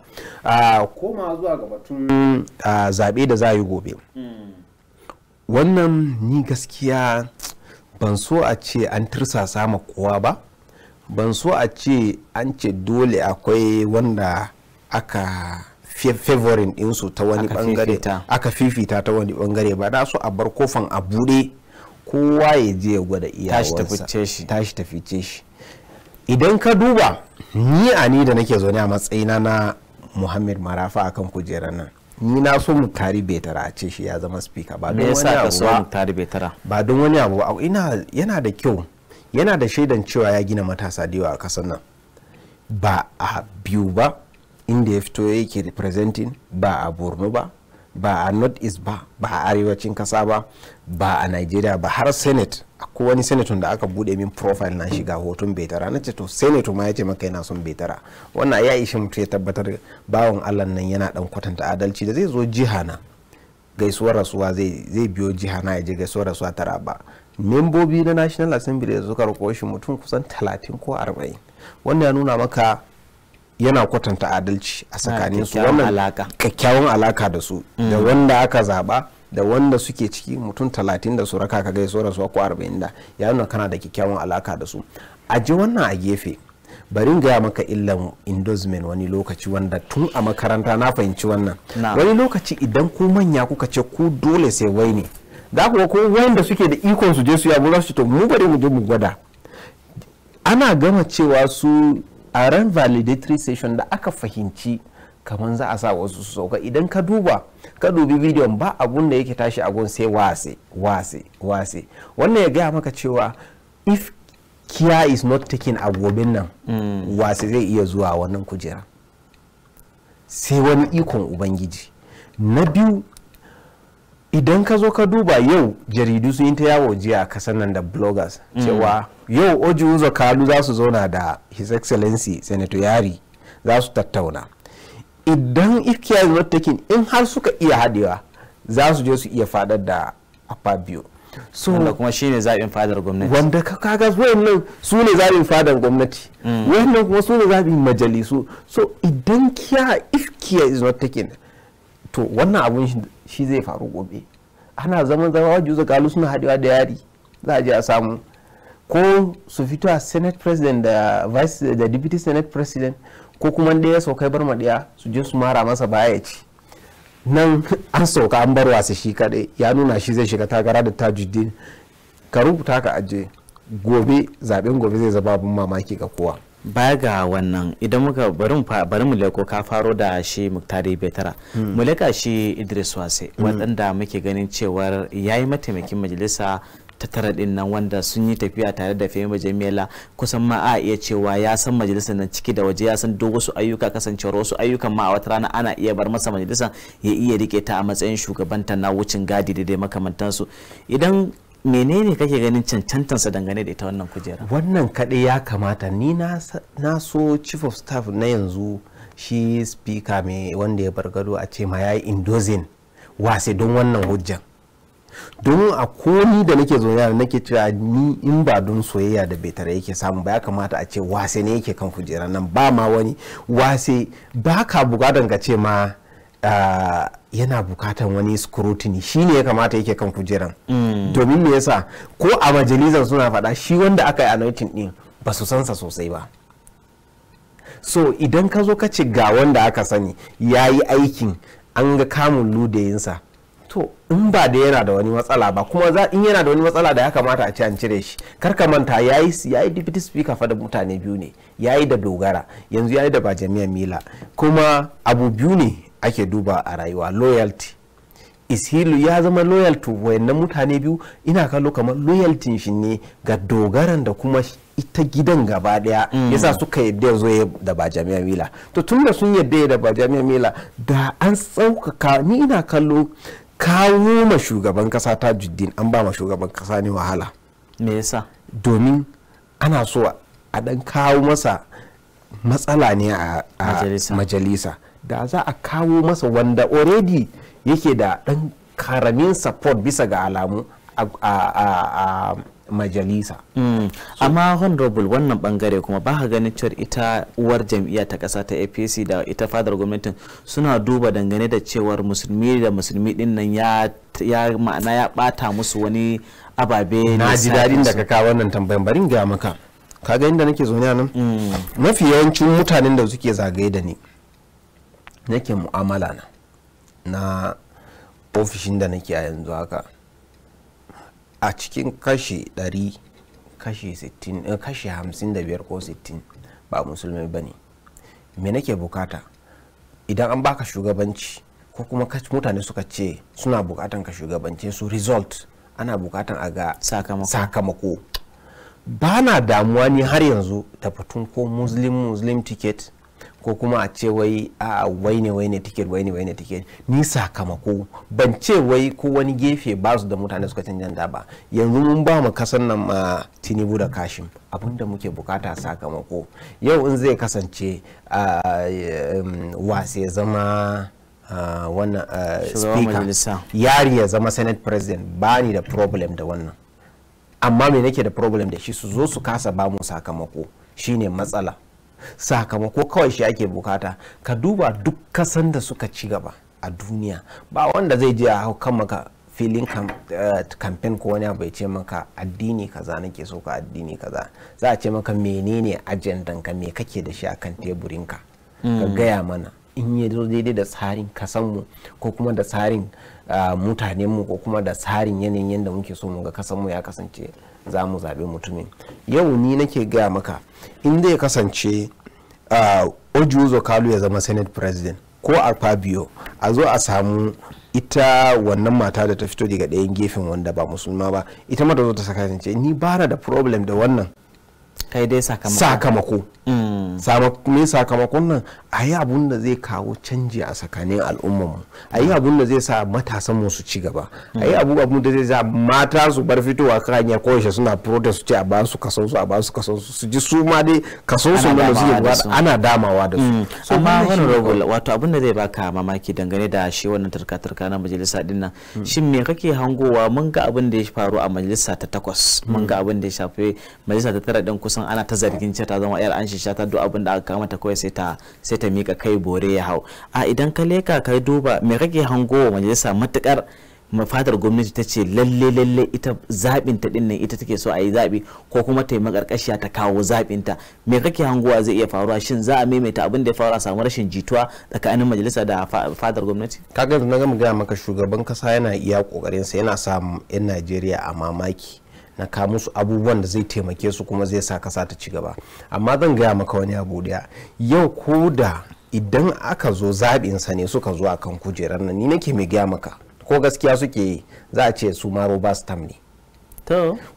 koma zuwa ga batun zaɓe da za yi gobe wannan ni gaskiya ban so a ce an tirsasa ma kowa ba ban so a ce an ce dole akwai wanda aka favorin ɗinsu ta wani bangare aka fifita ta wani bangare ba na so a bar kofan a bude kowa ya je ya gwada iyawarsa tashi tafice shi idan ka duba ni a ni da nake zaune a matsayina na muhammad marafa akan kujerar nan ni na so mu tari betara a ce shi ya zama speaker ba don wani abu ba ba don wani abu ba yana da kyau yana da shaidan cewa ya gina matasa da yawa a kasar nan ba a biyu ba inda ya fito yake representing ba a borno ba ba a north east ba ba a arewacin kasa ba ba a nigeria ba har senate akwai wani senator da aka bude min profile na shiga hoton betara na ce to senator ma ya ce maka yana son betara wannan ya ishe mutu ya tabbatar bawon allah nan yana dan kwatanta adalci da zai zo jiha na gaisuwar rasuwa zai biyo jiha na ya je gaisuwar rasuwa tara ba membobi na national assembly da suka roƙo shi mutum kusan 30 ko 40 wannan ya nuna maka yana kwatanta adalci a ah, tsakanin su wannan kyakkyawan alaka da su da mm. wanda aka zaba da wanda suke ciki mutum talatin da su raka ka gaisu da ko arba'in da ya nuna kana da kyakkyawan alaka da su a ji wannan a gefe barin gaya maka illan indosmen wani lokaci wanda tun a makaranta na fahimci wannan wani lokaci idan ku manya kuka ce ku dole sai wai ne da kuwa ko wanda suke da ikon su je su yabo za su to mu bari mu je mu gwada ana gama cewa su a ran validatory session da aka fahimci kamar za a sa wasu su sauka idan ka duba ka dubi bidiyon ba abun da yake tashi a gun sai wase wase wase wannan ya gaya maka cewa if KIA is not taken a gobin nan mm. wase zai iya zuwa wannan kujera sai wani ikon ubangiji na biyu idan ka zo ka duba yau jaridu sun yi ta yawo jiya a kasar nan da bloggers mm. cewa yau oji uzo kalu za su zauna da his excellency senator yari za su tattauna idan ikiya yi taking in har suka iya hadewa za su je su iya fadar da akpa biyu so wanda kuma shine zaɓin fadar gwamnati wanda ka kaga wayannan su ne zaɓin fadar gwamnati mm. wayannan kuma su ne zaɓin majalisu so idan kiya if kiya is not taken to wannan abun shi zai faru gobe ana zaman zama wajen galu suna haɗewa da yari za a je a samu ko su fito a senate president da vice da deputy senate president ko kuma ɗaya saukai bar maɗiya su je su mara masa baya ya ci nan an sauka an bar wasa shi kaɗai ya nuna shi zai shiga tagara da tajuddin ka rubuta ka aje gobe zaɓen gobe zai zama abin mamaki ga kowa baya ga wannan idan muka bari mu leko ka faro da shi muktari betara hmm. mu leka shi idris wase hmm. waɗanda muke ganin cewar ya yi mataimakin majalisa ta tara din nan wanda sun yi tafiya tare da femi jamila kusan ma a iya cewa ya san majalisar nan ciki da waje ya san duk wasu ayyuka kasancewar wasu ayyukan ma a wata rana ana iya bar masa majalisar ya iya rike ta a matsayin shugabanta na wucin gadi da dai makamantansu idan menene kake ganin cancantansa dangane da ita wannan kujera wannan kaɗai ya kamata ni na so chief of staff na yanzu shi speaker mai wanda ya bargado a ce ma ya yi indozin wase don wannan hujjan don a komi da nake zo yana nake cewa ni in ba don soyayya da betara yake samu ba ya kamata a ce wase ne yake kan kujera nan ba ma wani wase ba ka buga ga ce ma Ah, yana bukatan wani scrutiny shi ne ya kamata yake kan kujeran domin me yasa ko a majalisar suna faɗa shi wanda aka yi anointing din ba su sa sosai ba so idan ka zo ka ce ga wanda aka sani ya yi aikin an ga kamun ludayinsa to in ba da yana da wani matsala ba kuma za in yana da wani matsala da ya kamata a ce an cire shi kar ka manta ya yi deputy speaker fa da mutane biyu ne ya yi da dogara yanzu ya yi da bajamiya mila kuma abu biyu ne ake duba a rayuwa loyalty ishilu ya zama loyal to wayannan mutane biyu ina kallo kamar loyalty shi ne ga dogaran da kuma ita gidan gaba daya mm. yasa suka yadda ya zo da ba jami'a mila to tun da sun yadda da ba jami'a mila da an tsaukaka ni ina kallo kawo ma shugaban kasa ta juddin an ba ma shugaban kasa ne wahala me yasa domin ana so a dan kawo masa matsala ne a majalisa da za a kawo masa wanda already yake da ɗan karamin support bisa ga alamu a majalisa. Mm. So, amma honorable wannan bangare kuma ba ka ganin cewar ita uwar jam'iyya ta kasa ta apc da ita fadar gwamnatin suna duba dangane da cewar musulmi da musulmi din nan ya, ma'ana ya bata musu wani ababe na ji daɗin da ka kawo wannan tambayan barin ga maka kaga inda nake zaune nan mm. mafi yawancin mutanen da suke zagaye da ni nake mu'amala na na ofishin da nake a yanzu haka a cikin kashi 100 kashi 60 eh, kashi 55 ko 60 ba musulmi ba ne me nake bukata idan an baka shugabanci ko kuma mutane suka ce suna bukatan ka shugabance su result ana bukatan a ga sakamako ba na damuwa ni har yanzu da ko muslim muslim ticket ko kuma a ce wai a wai ne wai ne tiket wai ne wai ne tiket ni sakamako ban ce wai ko wani gefe ba su da mutane suka da ba yanzu mun ba mu kasan nan ma tinibu da kashim abinda muke bukata sakamako yau in zai kasance wase zama wannan speaker yari ya zama senate president ba ni da problem da wannan amma me nake da problem da shi su zo su kasa ba mu sakamako shine matsala sakamako kawai shi ake bukata ka duba duk kasan da suka ci gaba a duniya ba wanda zai je a hau kan maka filin kamfen eh, ko wani bai ce maka addini kaza nake so ka addini kaza za a ce maka menene ajandan ka me kake da shi akan teburin ka ka mm. gaya mana in ya zo daidai da tsarin kasanmu ko kuma da tsarin ah, mutanenmu ko kuma da tsarin yanayin yadda muke so mu ga kasan mu ya kasance za mu zaɓi mutumin yau ni nake gaya maka inda ya kasance ojuzo kalu ya zama senate president ko a fabio a zo a samu ita wannan mata da ta fito daga ɗayan gefen wanda ba musulma ba ita ma da zo ta saka ni ba da problem da wannan kai dai sakamako sakamako mm. me sakamakon nan a yi abun da zai kawo canji a tsakanin al'ummarmu a yi abun da zai sa matasan mu su ci gaba a yi abun da zai sa mata su bar fitowa kan hanyar kowace suna protest su ce a su kason su a basu kason su su ji su ma dai kason su da su ana damawa da su mm. amma rogo wato abun da zai baka mamaki dangane da shi wannan tarka tarka na majalisa din nan mm. shin me kake hangowa mun ga abun da ya faru a majalisa ta takwas mun ga abun da ya shafi majalisa ta tara din kusan maimakon ana ta zargin cewa ta zama yar an shisha ta duk abin da aka kama ta kawai sai ta sai ta mika kai bore ya hau a idan ka leka kai duba me kake hango wa majalisa matukar mafatar gwamnati ta ce lalle lalle ita zaɓin ta ɗin ita take so a yi zaɓi ko kuma ta yi ta kawo zabin ta me kake hangowa zai iya faruwa shin za a maimaita abin da ya faru a samu rashin jituwa tsakanin majalisa da fatar gwamnati kaga na gama gaya maka shugaban kasa yana iya kokarin sa yana sa 'yan najeriya a mamaki na ka musu abubuwan da zai taimake su kuma zai sa kasa ta ci gaba amma zan gaya maka wani abu daya yau ko da idan aka zo sa ne suka zo akan kujerar nan ni nake mai gaya maka ko gaskiya suke yi za a ce su ma robastam ne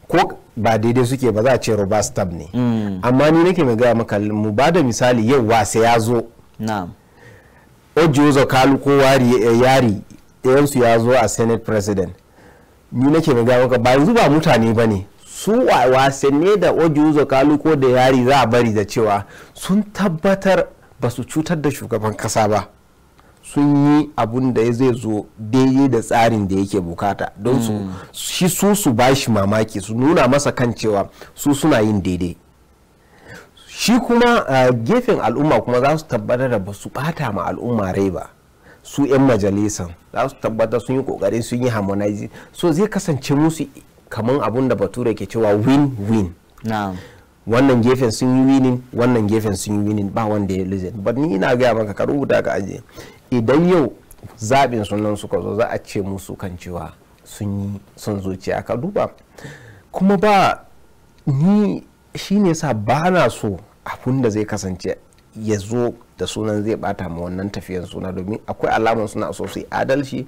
ko ba daidai suke ba za a ce robastam ne hmm. amma ni nake mai gaya maka mu ba da misali yau wasa ya zo na'am zakalu ko eh, yari ɗayansu ya zo a senate president ni nake mai gaya maka ba yanzu ba mutane ba ne su ne da kalu ko da yari za a bari da cewa sun tabbatar ba su cutar da shugaban kasa ba sun yi abun da zai zo daidai da tsarin da yake bukata don su mm. shi su su bashi mamaki su nuna masa kan cewa su suna yin daidai shi kuma ah, gefen al'umma kuma za su tabbatar da ba su bata ma al'umma rai ba su 'yan majalisan za su tabbatar sun yi kokarin sun yi harmonizing so zai kasance musu kamar abun da bature ke cewa win-win wannan gefen sun yi winning wannan gefen sun yi winning ba wanda ya lose ba ni ina gaya maka ka rubuta ka aji. idan yau zaɓin sunan suka zo za a ce musu kan cewa sun yi sun zuciya ka duba kuma ba ni shine sa ba na so abun da zai kasance ya zo da sunan zai bata ma wannan tafiyan suna domin akwai alaman suna so su yi adalci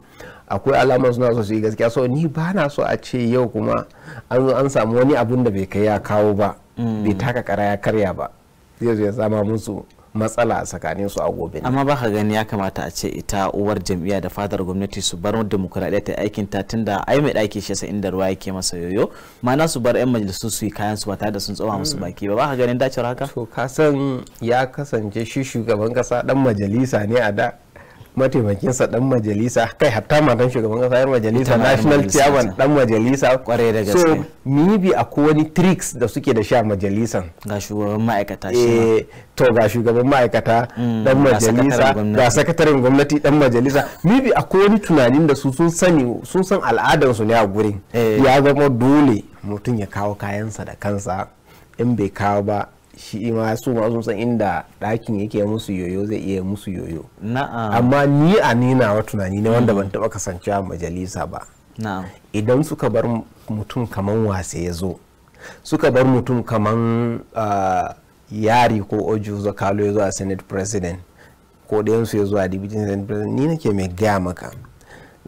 akwai alaman suna so su yi gaskiya so ni ba na so a ce yau kuma an zo an samu wani abun da bai kai ya kawo ba bai mm. taka kara ya karya ba zai zo ya zama musu matsala a tsakanin su a gobe amma ba ka gani ya kamata a ce ita uwar jam'iyya da fadar gwamnati su bar demokuraɗiyya ta aikin ta da ai mai ɗaki shi inda ruwa yake masa yoyo ma'ana su bar 'yan majalisu su yi kayan su ba tare da sun tsawa musu mm. baki ba ba ka ganin dacewar haka to ka san ya kasance shi shugaban kasa dan majalisa ne a da sa dan majalisa kai hatta matan shugaban kasa yar majalisa national chairman dan majalisa kwarai da gaske so bi akwai wani tricks da suke da sha majalisan ga shugaban ma'aikata shi eh, to ga shugaban ma'aikata mm, dan majalisa ga sakataren gwamnati dan majalisa bi akwai wani tunanin da su sun sani sun san al'adar su ne a gurin eh. ya zama dole mutum ya kawo kayansa da kansa in bai kawo ba shi ma su ma sun san inda ɗakin yake musu yoyo zai iya musu yoyo na'am amma ni a nina wa tunani ne wanda mm. ban taɓa kasancewa majalisa ba na'am idan suka bar mutum kaman wase ya zo suka bar mutum kaman yari ko za kalo ya zo a senate president ko ɗayansu ya zo a dibitin senate president ni nake mai gaya maka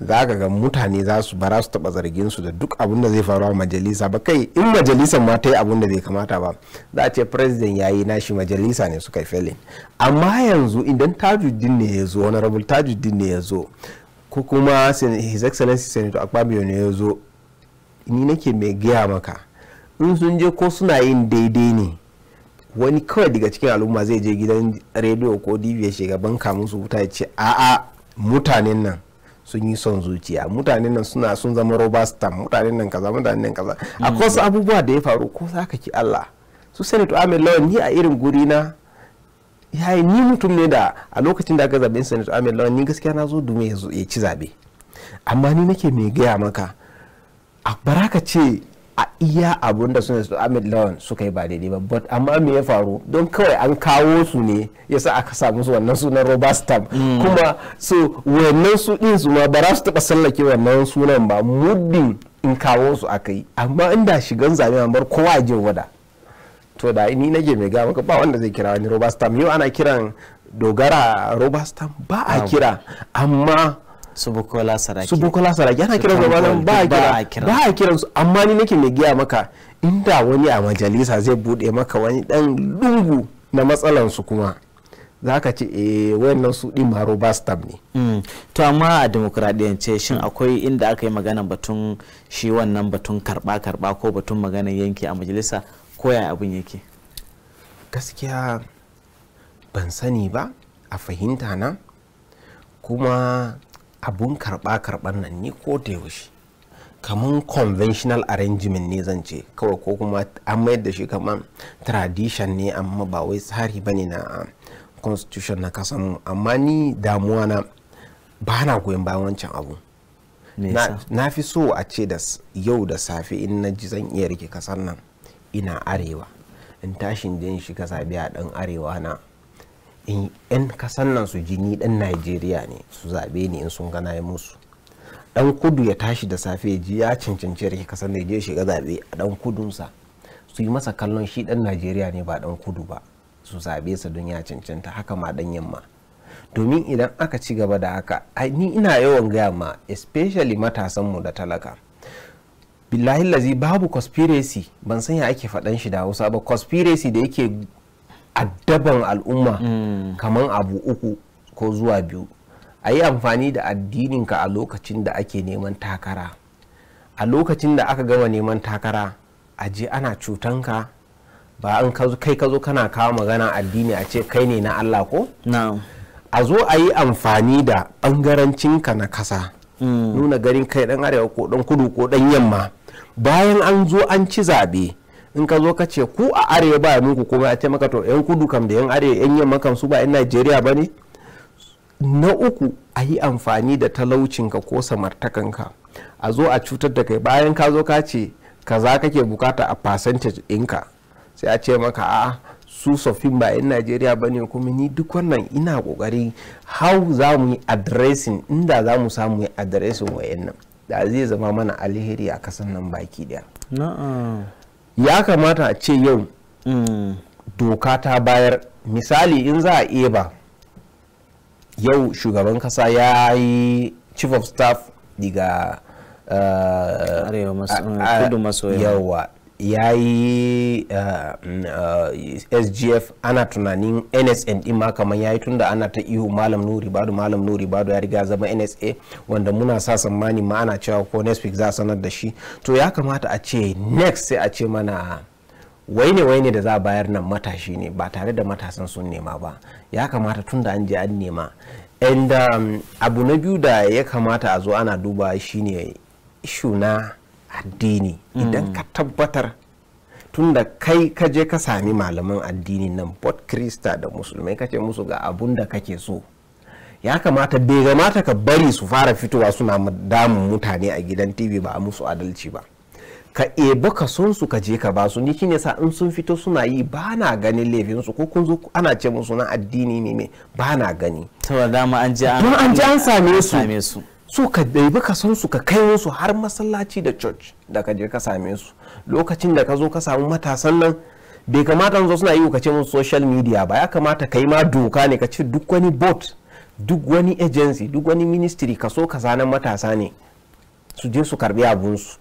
za ka ga mutane za su bara su taba zargin su da duk abin da zai faru a majalisa ba kai in majalisar ma ta yi abin da bai kamata ba za a ce president ya yi nashi majalisa ne suka yi felin amma yanzu idan tajuddin ne ya zo honorable tajuddin ne ya zo ko kuma his excellency senator akpabio ne ya zo ni nake mai gaya maka in sun je ko suna yin daidai ne wani kawai daga cikin al'umma zai je gidan rediyo ko dv ya shiga banka musu wuta ya ce a'a mutanen nan sun yi son zuciya mutanen nan suna sun zama robastan mutanen nan kaza mutanen nan kaza akwai wasu abubuwa da ya faru ko za ka ki Allah su senator Ahmed Lawan ni a irin guri na yayi ni mutum ne da a lokacin da aka zabe senator Ahmed Lawan ni gaskiya na zo dume ya ci zabe amma ni nake mai gaya maka a baraka ce a iya abun da suna Ahmed Lawan suka yi ba daidai ba but amma me ya faru don kawai an kawo su ne yasa aka sa musu wannan sunan Robastam mm. kuma so wannan su din su ma ba za su taba sallake wannan sunan ba muddin in kawo su aka yi amma inda shigan zabe bar kowa je wada to da ni nake mai ga maka ba wanda zai kira wani Robastam yau ana kiran dogara Robastam ba a kira amma su bukola saraki su saraki ana kiran ba a kira ba a kiran su amma ni nake mai giya maka inda wani a majalisa zai bude maka wani dan lungu na matsalan su kuma za ka ce eh wayannan su din maro ba stab ne mm. to amma a demokradiyance shin akwai inda aka yi magana batun shi wannan batun karba karba ko batun magana yanki a majalisa ko ya abin yake gaskiya ban sani ba a fahimta na kuma abun karɓa karɓan nan ni ko da yaushe kamar conventional arrangement ne zan ce kawai ko kuma an mayar da shi kamar tradition ne amma ba wai tsari ba ne na ah, constitution na mu amma ni damuwa na ba na goyon bayan wancan abu na fi so a ce da yau da safe in na ji zan iya rike kasar nan ina arewa in tashin jin ka zabe a dan arewa na 'yan kasan nan su jini dan najeriya ne su zabe ne in sun gana ya musu dan kudu ya tashi da safe ji ya cancanci rike kasan da ya shiga zabe a dan kudunsa su yi masa kallon shi dan najeriya ne ba dan kudu ba su zabe sa don ya cancanta haka ma dan yamma domin idan aka ci gaba da haka ni ina yawan gaya ma especially mu da talaka billahi lazi babu conspiracy ban san ya ake faɗan shi da hausa ba conspiracy da yake addaban al'umma mm. kamar abu uku ko zuwa biyu a yi amfani da addininka a lokacin da ake neman takara a lokacin da aka gama neman takara a je ana cutanka ba an kai ka zo kana kawo magana addini a ce kai ne na Allah ko? a zo a yi amfani da bangarancinka na kasa mm. nuna garin kai ɗan arewa ko dan kudu ko ɗan yamma bayan an zo an ci zaɓe. in ka zo ka ce ku a arewa ba muku kuma ya ce maka to yan kudu kam da yan arewa yan yamma kam su ba yan najeriya ba ne na uku a yi amfani da talaucinka ko samartakanka a zo a cutar da kai bayan ka zo ka ce kaza kake bukata a percentage ɗinka sai a ce maka a su sofin ba yan najeriya ba ne kuma ni duk wannan ina kokari how za mu yi addressing inda za mu samu yi addressing wayannan da zai zama mana alheri a kasan nan baki daya ya kamata a ce yau mm. doka ta bayar misali in za a eba yau shugaban kasa ya yi chief of staff daga uh, arewa kudu maso yawa ya yi eh, mm, eh, sgf ana tunanin nsn din ma kamar ya yi tun da ana ta ihu malam nuri bado malam nuri bado ya riga zama nsa wanda muna sa tsammani ma ana cewa ko next za a sanar da shi to ya kamata a ce next sai a ce mana waine waine da za a bayar nan matashi ne ba tare da matasan sun nema ba ya kamata tun da an je an nema and um, abu na biyu da ya kamata a zo ana duba shine shuna addini idan mm. ka tabbatar tunda kai ka je ka sami malaman addini nan bot krista da musulmai ka ce musu ga abun da kake so ya kamata bai gamata ka bari su fara fitowa suna damun mutane a gidan tv ba a musu adalci ba ka ebo ka son su ka je ka ba su ni shine sa in sun fito suna yi ba na ganin laifin su ko kun zo ana ce musu na addini ne me ba na gani saboda dama an je an same su su ka ɗaibi ka san su ka kai musu har masallaci da church da ka je ka same su lokacin da ka zo ka samu matasan nan bai kamata zo suna yi ka musu social media ba ya kamata kai ma doka ne ka ce duk wani bot duk wani agency duk wani ministry ka so ka zanen matasa ne su je su karbi abunsu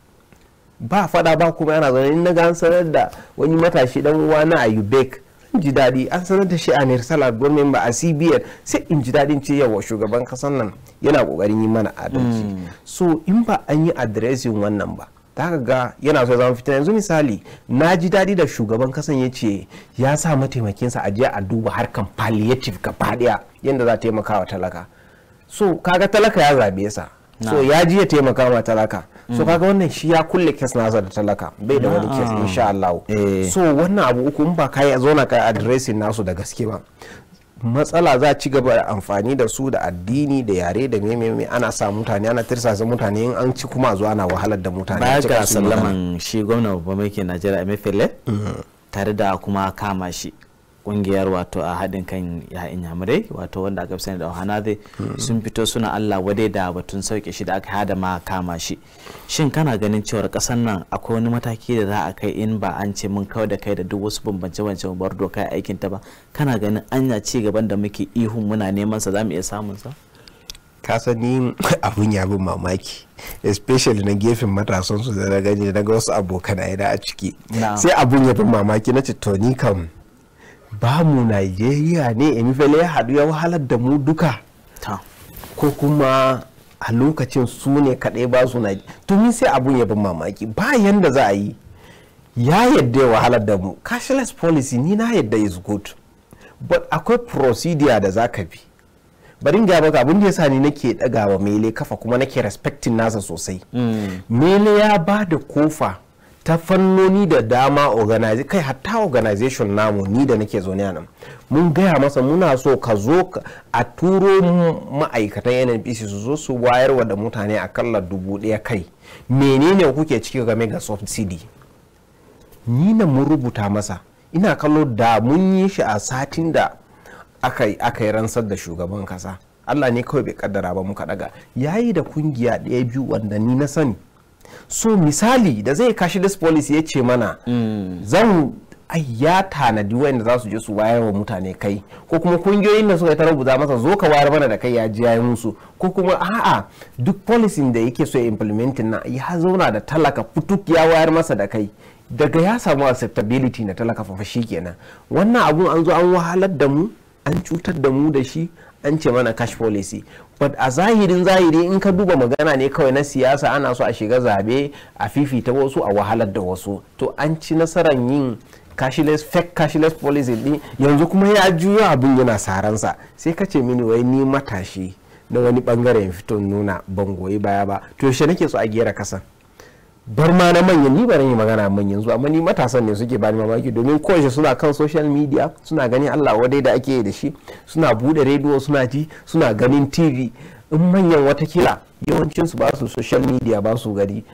ba faɗa ba kuma yana zaune na ga sanar da wani matashi dan uwa na ayubek in ji daɗi an sanar da shi a nirsala gwamnan ba a cbn sai in ji daɗin ce yawa shugaban kasan nan yana ƙoƙarin yi mana adalci mm. so in ba an yi adiresin wannan ba ta ga yana so zama fitina yanzu misali na ji daɗi da shugaban kasan ya ce ya sa mataimakinsa a jiya a duba harkan palliative gaba ɗaya yadda za ta taimaka talaka so kaga talaka ya zabe sa so ya ji ya taimaka wa talaka so kaga wannan shi ya kulle kes nasa da talaka bai da wani kes ah. insha Allah eh. so wannan abu uku in ba kai zo na kai addressing nasu da gaske ba matsala za ci gaba da amfani da su da addini da yare da meme ana sa mutane ana tirsasa mutane in an ci kuma zuwa na wahalar da mutane ba ga sallama shi gwamna babban mulkin Najeriya Emefiele mm-hmm. tare da kuma kama shi kungiyar wato a haɗin kan ya'in yamurai wato wanda aka fi sani da zai sun fito suna allah wadai da batun sauke shi da aka hada ma kama shi shin kana ganin cewar ƙasar nan akwai wani mataki da za a kai in ba an ce mun kawai da kai da duk wasu bambance bambance mu bar doka aikin ta ba kana ganin anya ci gaban da muke ihun muna neman sa za mu iya samun sa ka sani abun ya bin mamaki especially na gefen matasan su da na gani da ga wasu abokan a ciki sai abun ya bin mamaki na ce to ni kam ba mu najeriya ne emifele ya haɗu ya wahalar da mu duka ko kuma a lokacin su ne kaɗai ba su na domin sai abun ya ban mamaki ba yanda za a yi ya yadda ya wahalar da mu cashless policy ni na yadda is good but akwai procedure da za ka bi barin gaba baka abin da ya sa ni nake wa mele kafa kuma nake respecting nasa sosai mm. mele ya ba da kofa ta fannoni da dama organize kai hatta organization namu ni da nake zaune a nan mun gaya masa muna so ka zo a turo ma'aikatan nnpc su zo su wayarwa da mutane a akalla dubu ɗaya kai menene kuke ciki game ga cd ni na mun rubuta masa ina kallo da mun yi shi a satin da aka yi ransar da shugaban kasa allah ne kawai bai kaddara ba muka daga yayi da kungiya ɗaya biyu wanda ni na sani so misali da zai kashi this policy ya ce mana zan ya tanadi wayanda za su je su wayar wa mutane kai ko kuma kungiyoyin da suka ta rubuta masa zo ka wayar mana da kai ya ji yayin musu ko kuma a'a duk policy da yake so ya implementin na ya zauna da talaka putuk ya wayar masa da kai daga ya samu acceptability na talaka fa shi kenan wannan abun an zo an wahalar da mu an cutar da mu da shi an ce mana cash policy but a zahirin zahiri in ka duba magana ne kawai na siyasa ana so a shiga zabe a fifita wasu a wahalar da wasu to an ci nasarar yin cashless fake cashless policy din yanzu kuma ya juyo abin yana saransa sai ka ce mini wai ni matashi na wani bangaren fito nuna ban goyi baya ba to yaushe nake so a gera kasan bar ma na manyan ni bari magana manyan zuwa amma ni matasan ne suke bani mamaki domin kowace suna kan social media suna ganin Allah wadai da ake da shi suna bude rediyo suna ji suna ganin TV in manyan wata kila yawancin su ba su social media ba su gari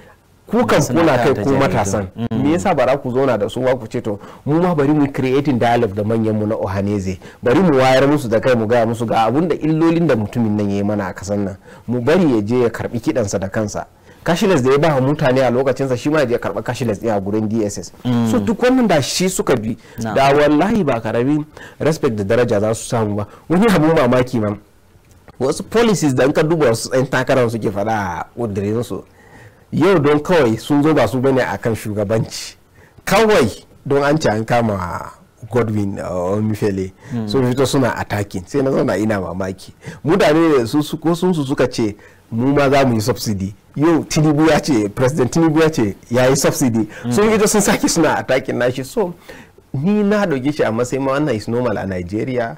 ku kan kuna kai ko matasan mm. me yasa bara ku zauna da su ku ce to mu ma bari mu creating dialogue da manyan mu na ohaneze bari mu wayar musu da kai mu gaya musu ga abun da illolin da mutumin nan yayi mana a kasan nan mu bari ya je ya karbi kidansa da kansa cashless da ya ba mutane a lokacinsa shi ma ya karba kashiles ɗin a gurin dss mm. so duk wannan da shi suka bi da wallahi ba karamin respect da daraja za su samu ba wani abu mamaki ma wasu policies da ka duba wasu tsayin takarar suke faɗa a ƙudurin su yau don kawai sun zo ba su bane kan shugabanci kawai don an ci an kama godwin uh, omifele mm. sun fito suna attacking sai na zauna ina mamaki mutane ne su ko sun su suka ce mu ma za mu yi subsidy yau tinubu ya ce president tinubu ya ce ya yi subsidy sun mm. ita sun sake suna atakin nashi so ni na dauke shi a matsayin ma wannan is normal a nigeria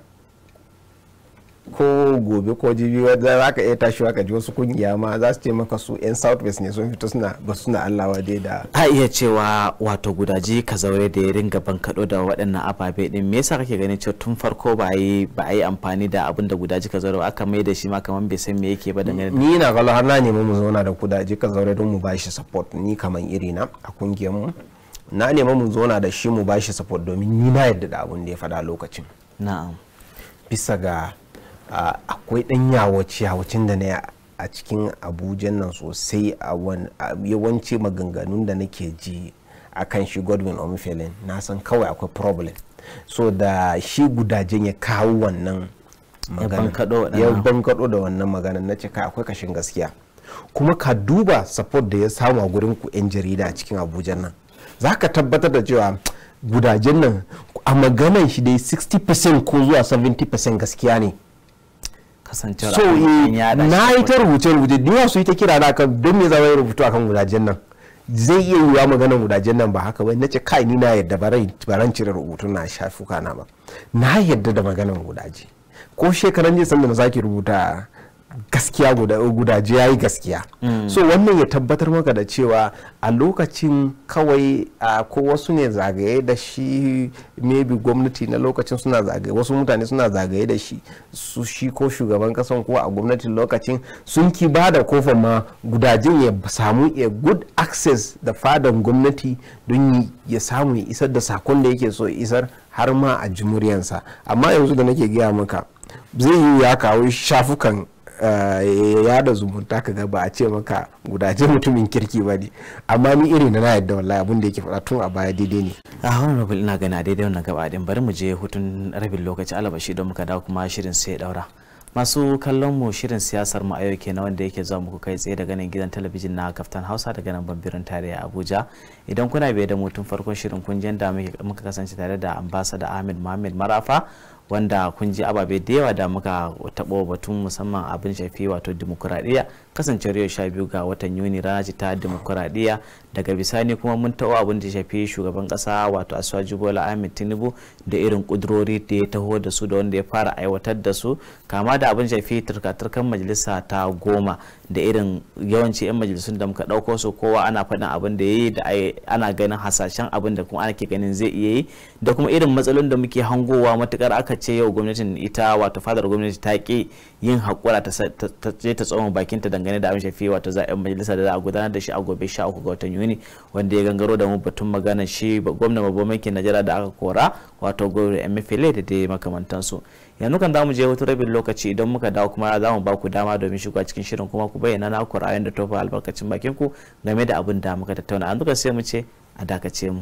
ko gobe ko jibi wadda za ka iya tashi ka ji wasu kungiya ma za su ce maka su yan West ne sun fito suna ba suna allawa dai da a iya cewa wato gudaji ka zaure da ya ringa bankaɗo da waɗannan ababe din me yasa kake ganin cewa tun farko ba yi ba yi amfani da abin da gudaji ka zaure aka mai da shi ma kamar bai san me yake ba dangane ni na kallo har na nemi mu zauna da gudaji ka zaure don mu bashi support ni kamar irina a kungiyar mu na nemi mu zauna da shi mu bashi support domin ni na yadda da abin da ya faɗa lokacin na'am bisa ga akwai ɗan yawaci yawacin da na a cikin abuja nan sosai a yawanci maganganun da nake ji a kan shi godwin omifelin na san kawai akwai problem so da shi gudajen ya kawo wannan magana ya bankaɗo da wannan magana na cika akwai kashin gaskiya kuma ka duba support da ya samu a gurin ku 'yan jarida a cikin abuja nan za ka tabbatar da cewa gudajen nan a maganan shi dai 60% ko zuwa 70% gaskiya ne kasancewa so eh, na yi ta rubuce rubuce duniya su yi ta kira na kan don me za zama rubutu akan gudajen nan zai iya yiwuwa maganar gudajen nan ba haka ba na ce kai ni na yadda ba cire rubutu na shafuka na ba na yadda da maganar gudaje ko shekaran jiya sanda na zaki rubuta gaskiya gudaje ya yi gaskiya mm. so wannan ya tabbatar maka da cewa a lokacin kawai ko wasu ne zagaye da shi maybe gwamnati na lokacin suna zagaye wasu mutane suna zagaye da shi su shi ko shugaban kasan ko a gwamnati lokacin sun ki ba da kofa ma gudajen ya samu a good access da fadan gwamnati don ya samu isar da sakon da yake so isar har ma a jimuriyansa amma yanzu da nake gaya maka zai yi ya kawo shafukan Eh, yada zumunta ka ga ba a ce maka gudaje mutumin kirki ba ne amma ni irin na yadda wallahi abin da yake faɗa tun a baya daidai ne a ah, honorable ina gani a daidai wannan gaba din bari mu je hutun rabin lokaci alabashi don muka dawo kuma shirin sai daura masu kallon mu shirin siyasar mu a yau kenan wanda yake zuwa muku kai tsaye daga nan gidan talabijin na kaftan hausa daga nan bambirin tarayya abuja idan kuna biye da mu tun farkon shirin kun da muka kasance tare da ambasada ahmed muhammad marafa wanda kun ji ababe da yawa da muka taɓo batun musamman abin shafi wato dimokuraɗiyya kasance yau sha biyu ga watan yuni ce ta dimokuraɗiyya daga bisani kuma mun taɓo abin da shafi shugaban ƙasa wato asuwaji bola ahmed tinubu da irin ƙudurori da ya taho da su da wanda ya fara aiwatar da su kama da abin shafi turka-turkan majalisa ta goma da irin yawanci 'yan majalisun da muka ɗauko su kowa ana faɗin abin da yayi da ana ganin hasashen abin da kuma ake ganin zai iya yi da kuma irin matsalolin da muke hangowa matukar aka ce yau gwamnatin ita wato fadar gwamnati ta ƙi yin haƙura ta je ta tsoma bakin ta dangane da abin shafi wato za 'yan majalisa da za a gudanar da shi a gobe sha uku ga watan yuni wanda ya gangaro da mu batun magana shi gwamna babban bankin najeriya da aka kora wato gwamnati mfla da dai makamantansu. yanzu kan zamu je wata rabin lokaci idan muka dawo kuma za mu ba ku dama domin shiga cikin shirin kuma ku bayyana na ku ra'ayin da tofa albarkacin bakin ku game da abin da muka tattauna an duka sai mu ce a dakace mu.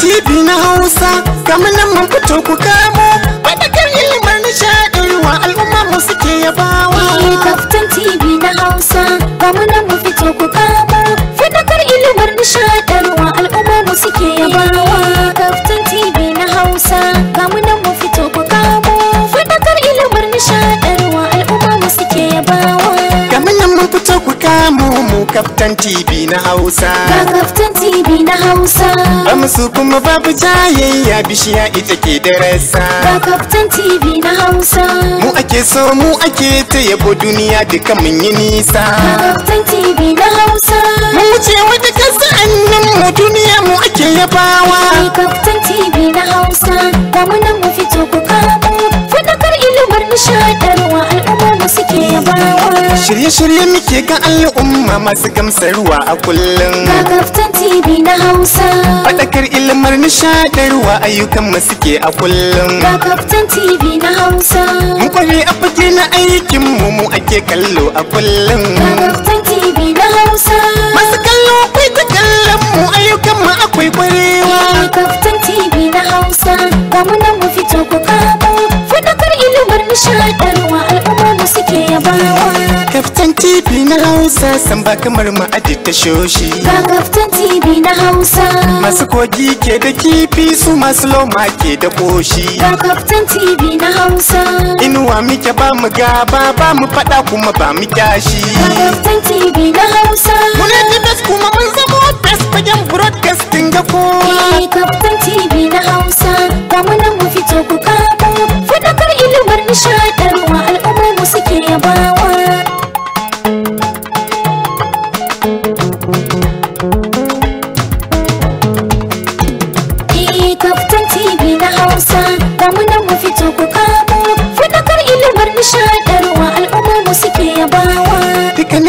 TV na Hausa kamar nan mun fito ku kamo wadda fadakar ilimar wa al'umma mu suke yabawa. Eh kaftan TV na Hausa kamar nan mun fito ku kamo fadakar ilimar wa al'umma mu suke yabawa. Kaftan TV na Hausa kamar nan mun fito kamin nan mun ku kamu mu kaftan tv na hausa ga kaftan tv na hausa ba musu kuma babu jayayya bishiya ita ke darasa. rasa ga kaftan tv na hausa mu ake so mu ake ta yabo duniya da mun yi nisa ga kaftan tv na hausa mu wuce wata kasa annan mu duniya mu ake yabawa ga kaftan tv na hausa ga mu nan mu fito ku kamu fadakar ilimar nishadarwa al'umma suke bawa shirye-shirye muke ga al'umma masu gamsarwa a kullum gagaftan tv na hausa faɗakar ilimar nishadarwa ayyukan mu suke a kullum gagaftan tv na hausa mu kware a fage na aikin mu mu ake kallo a kullum gagaftan tv na hausa masu kallo kai ta kallon mu ayyukan mu akwai kwarewa gagaftan tv na hausa ga mu nan mu fito ku kamo faɗakar ilimar nishadarwa Kaftan TV na Hausa san ba kamar mu a ta shoshi. Ga Kaftan TV na Hausa. Masu kogi ke da kifi su masu loma ke da koshi. Ga Kaftan TV na Hausa. Inuwa muke ba mu gaba ba mu fada kuma ba mu kyashi. Ga Kaftan TV na Hausa. Muna da bas kuma mun zama best fagen broadcasting ga kowa. Eh Kaftan TV na Hausa. Ba mu nan mu fito ku kaba. Fadakar ilimin nishadi. fito ku kamo fadakar ilimar nishadarwa al'ummar mu suke yabawa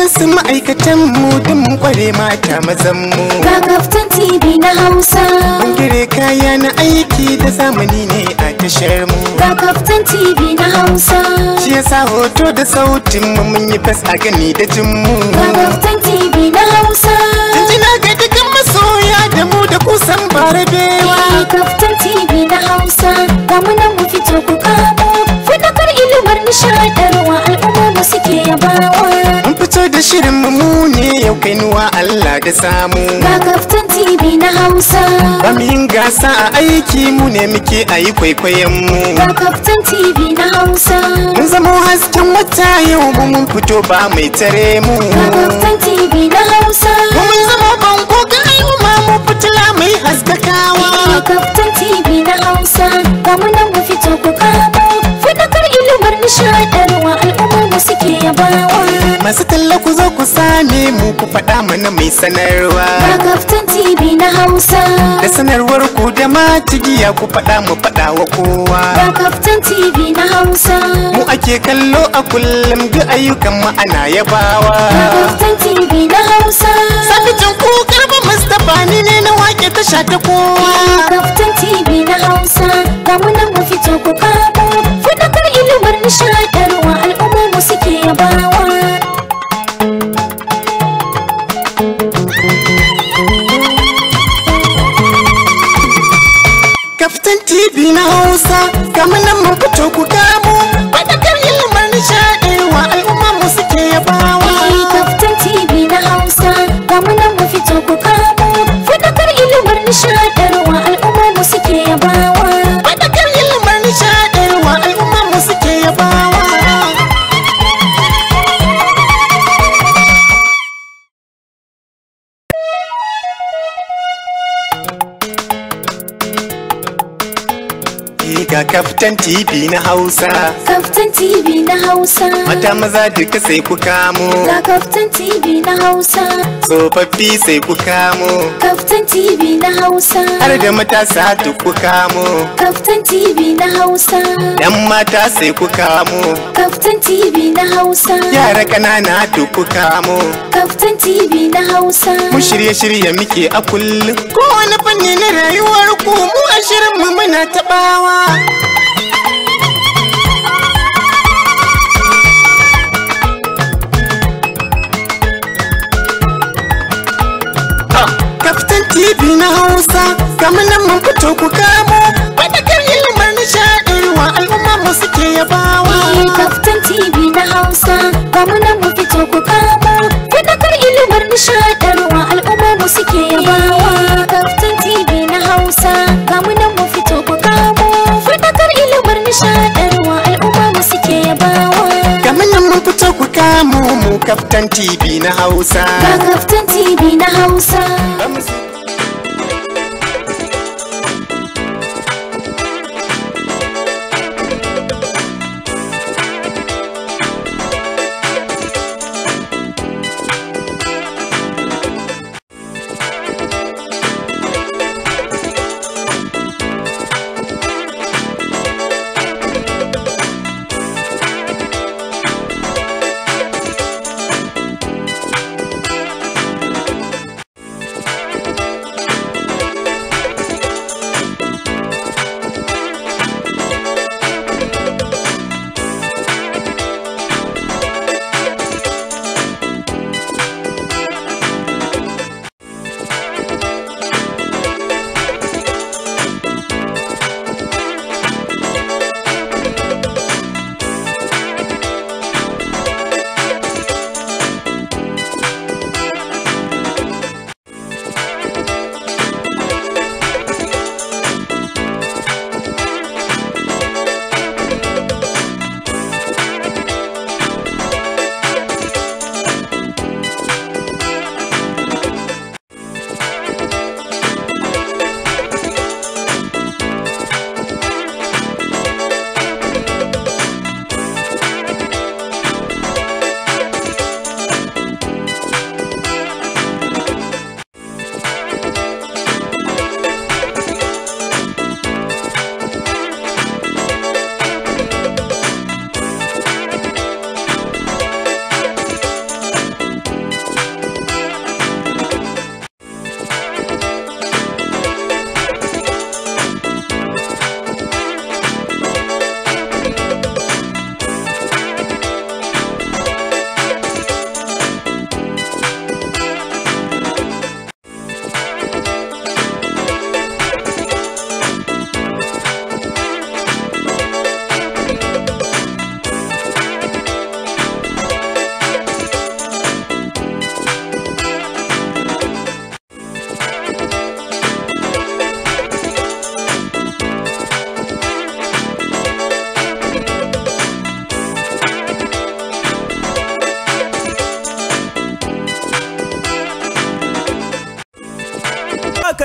su ma'aikatan mu dun kware mata mazan mu kakaftan tv na hausa bangare kaya na aiki da zamani ne a tashar mu kakaftan tv na hausa shi yasa hoto da sautin mu mun yi fas a gani da jin mu kakaftan tv na hausa jinjina ga dukkan masoya da mu da kusan barabewa kakaftan tv na hausa ga mu nan mu fito ku kamo fadakar ilimar nishadarwa suke yabawa an fito da shirin mu ne yau kai nuwa Allah da samu ga kaftan TV na Hausa ba mu yin gasa a aiki mu ne muke ayi kwaikwayon mu ga kaftan TV na Hausa mun zama hasken wata yau mu mun fito ba mai tare mu ga kaftan TV na Hausa mun zama bango ga mu ma mu fitila mai haskakawa ga kaftan TV na Hausa ga mu nan mu fito ku kamo fadakar ilimar nishadarwa al'umma mu suke yabawa masu talla ku zo ku same mu ku faɗa mana mai sanarwa ga kaftan tv na hausa da sanarwar ku da ma jigiya ku faɗa mu faɗa wa kowa ga kaftan tv na hausa mu ake kallo a kullum duk ayyukan mu ana yabawa ga kaftan tv na hausa sabijin ku karba mustapha ni ne na wake tasha ta kowa ga kaftan tv na hausa ga mu nan mu fito ku kamo fudakar ilimin nishaɗar Captain TV na Hausa, kamar nan mu fito ku mata maza duka sai ku kamo ga kaftan tv na hausa tsofaffi sai ku kamo kaftan tv na hausa har da matasa duk ku kamo kaftan tv na hausa dan mata sai ku kamo kaftan tv na hausa yara kanana duk ku kamo kaftan tv na hausa mu shirye-shirye muke a kullum kowane fanni na rayuwar ku mu a shirin mu muna tabawa tv na hausa kamar nan mun fito ku kamo fadakar ilmar nishadarwa al'umma mu suke yabawa eh, kaftan tv na hausa kamar nan mun fito ku kamo fadakar ilmar nishadarwa al'umma mu suke yabawa eh, kaftan tv na hausa kamar nan mun fito ku kamo fadakar ilmar nishadarwa al'umma mu suke yabawa kamar nan mun fito ku kamo mu kaftan tv na hausa ga kaftan tv na hausa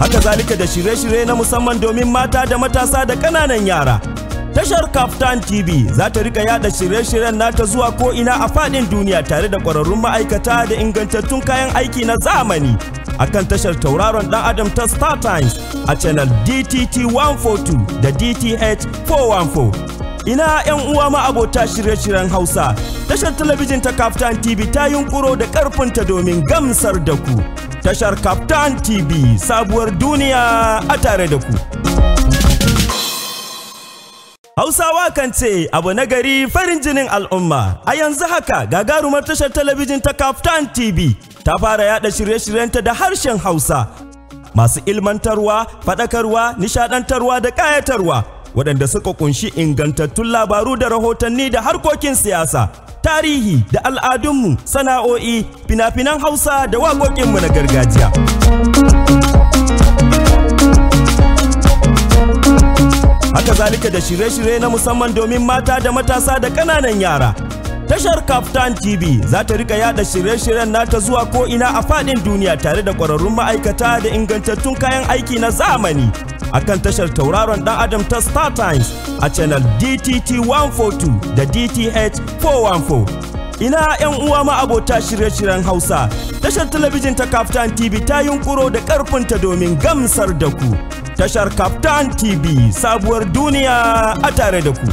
haka zalika da shirye-shirye na musamman domin mata da matasa da ƙananan yara. Tashar Kaftan TV za ta rika yada shirye-shiryen nata zuwa ko ina a faɗin duniya tare da ƙwararrun ma'aikata da ingantattun kayan aiki na zamani. Akan tashar tauraron ɗan Adam ta Star Times a channel DTT 142 da DTH 414. Ina 'yan uwa ma abota shirye-shiryen Hausa, tashar talabijin ta Kaftan TV ta yunkuro da ƙarfinta domin gamsar da ku. tashar Captain TV sabuwar duniya a tare da ku. Hausawa kan ce abu na gari farin jinin al'umma a yanzu haka gagarumar tashar talabijin ta Captain TV ta fara yada shirye-shiryenta da harshen Hausa masu ilmantarwa, faɗakarwa, nishadantarwa da ƙayatarwa. waɗanda suka kunshi ingantattun labaru da rahotanni da harkokin siyasa tarihi da al'adunmu sana'o'i fina-finan hausa da waƙoƙinmu na gargajiya haka zalika da shirye-shirye na musamman domin mata da matasa da ƙananan yara Tashar Kaftan TV za ta rika yada shirye-shiryen nata zuwa ko ina a faɗin duniya tare da ƙwararrun ma'aikata da ingantattun kayan aiki na zamani. Akan tashar tauraron ɗan Adam ta Star Times a channel DTT 142 da DTH 414. ina 'yan uwa ma abota shirye-shiryen Hausa. Tashar talabijin ta Kaftan TV ta yunkuro da ƙarfinta domin gamsar da ku. Tashar Kaftan TV sabuwar duniya a tare da ku.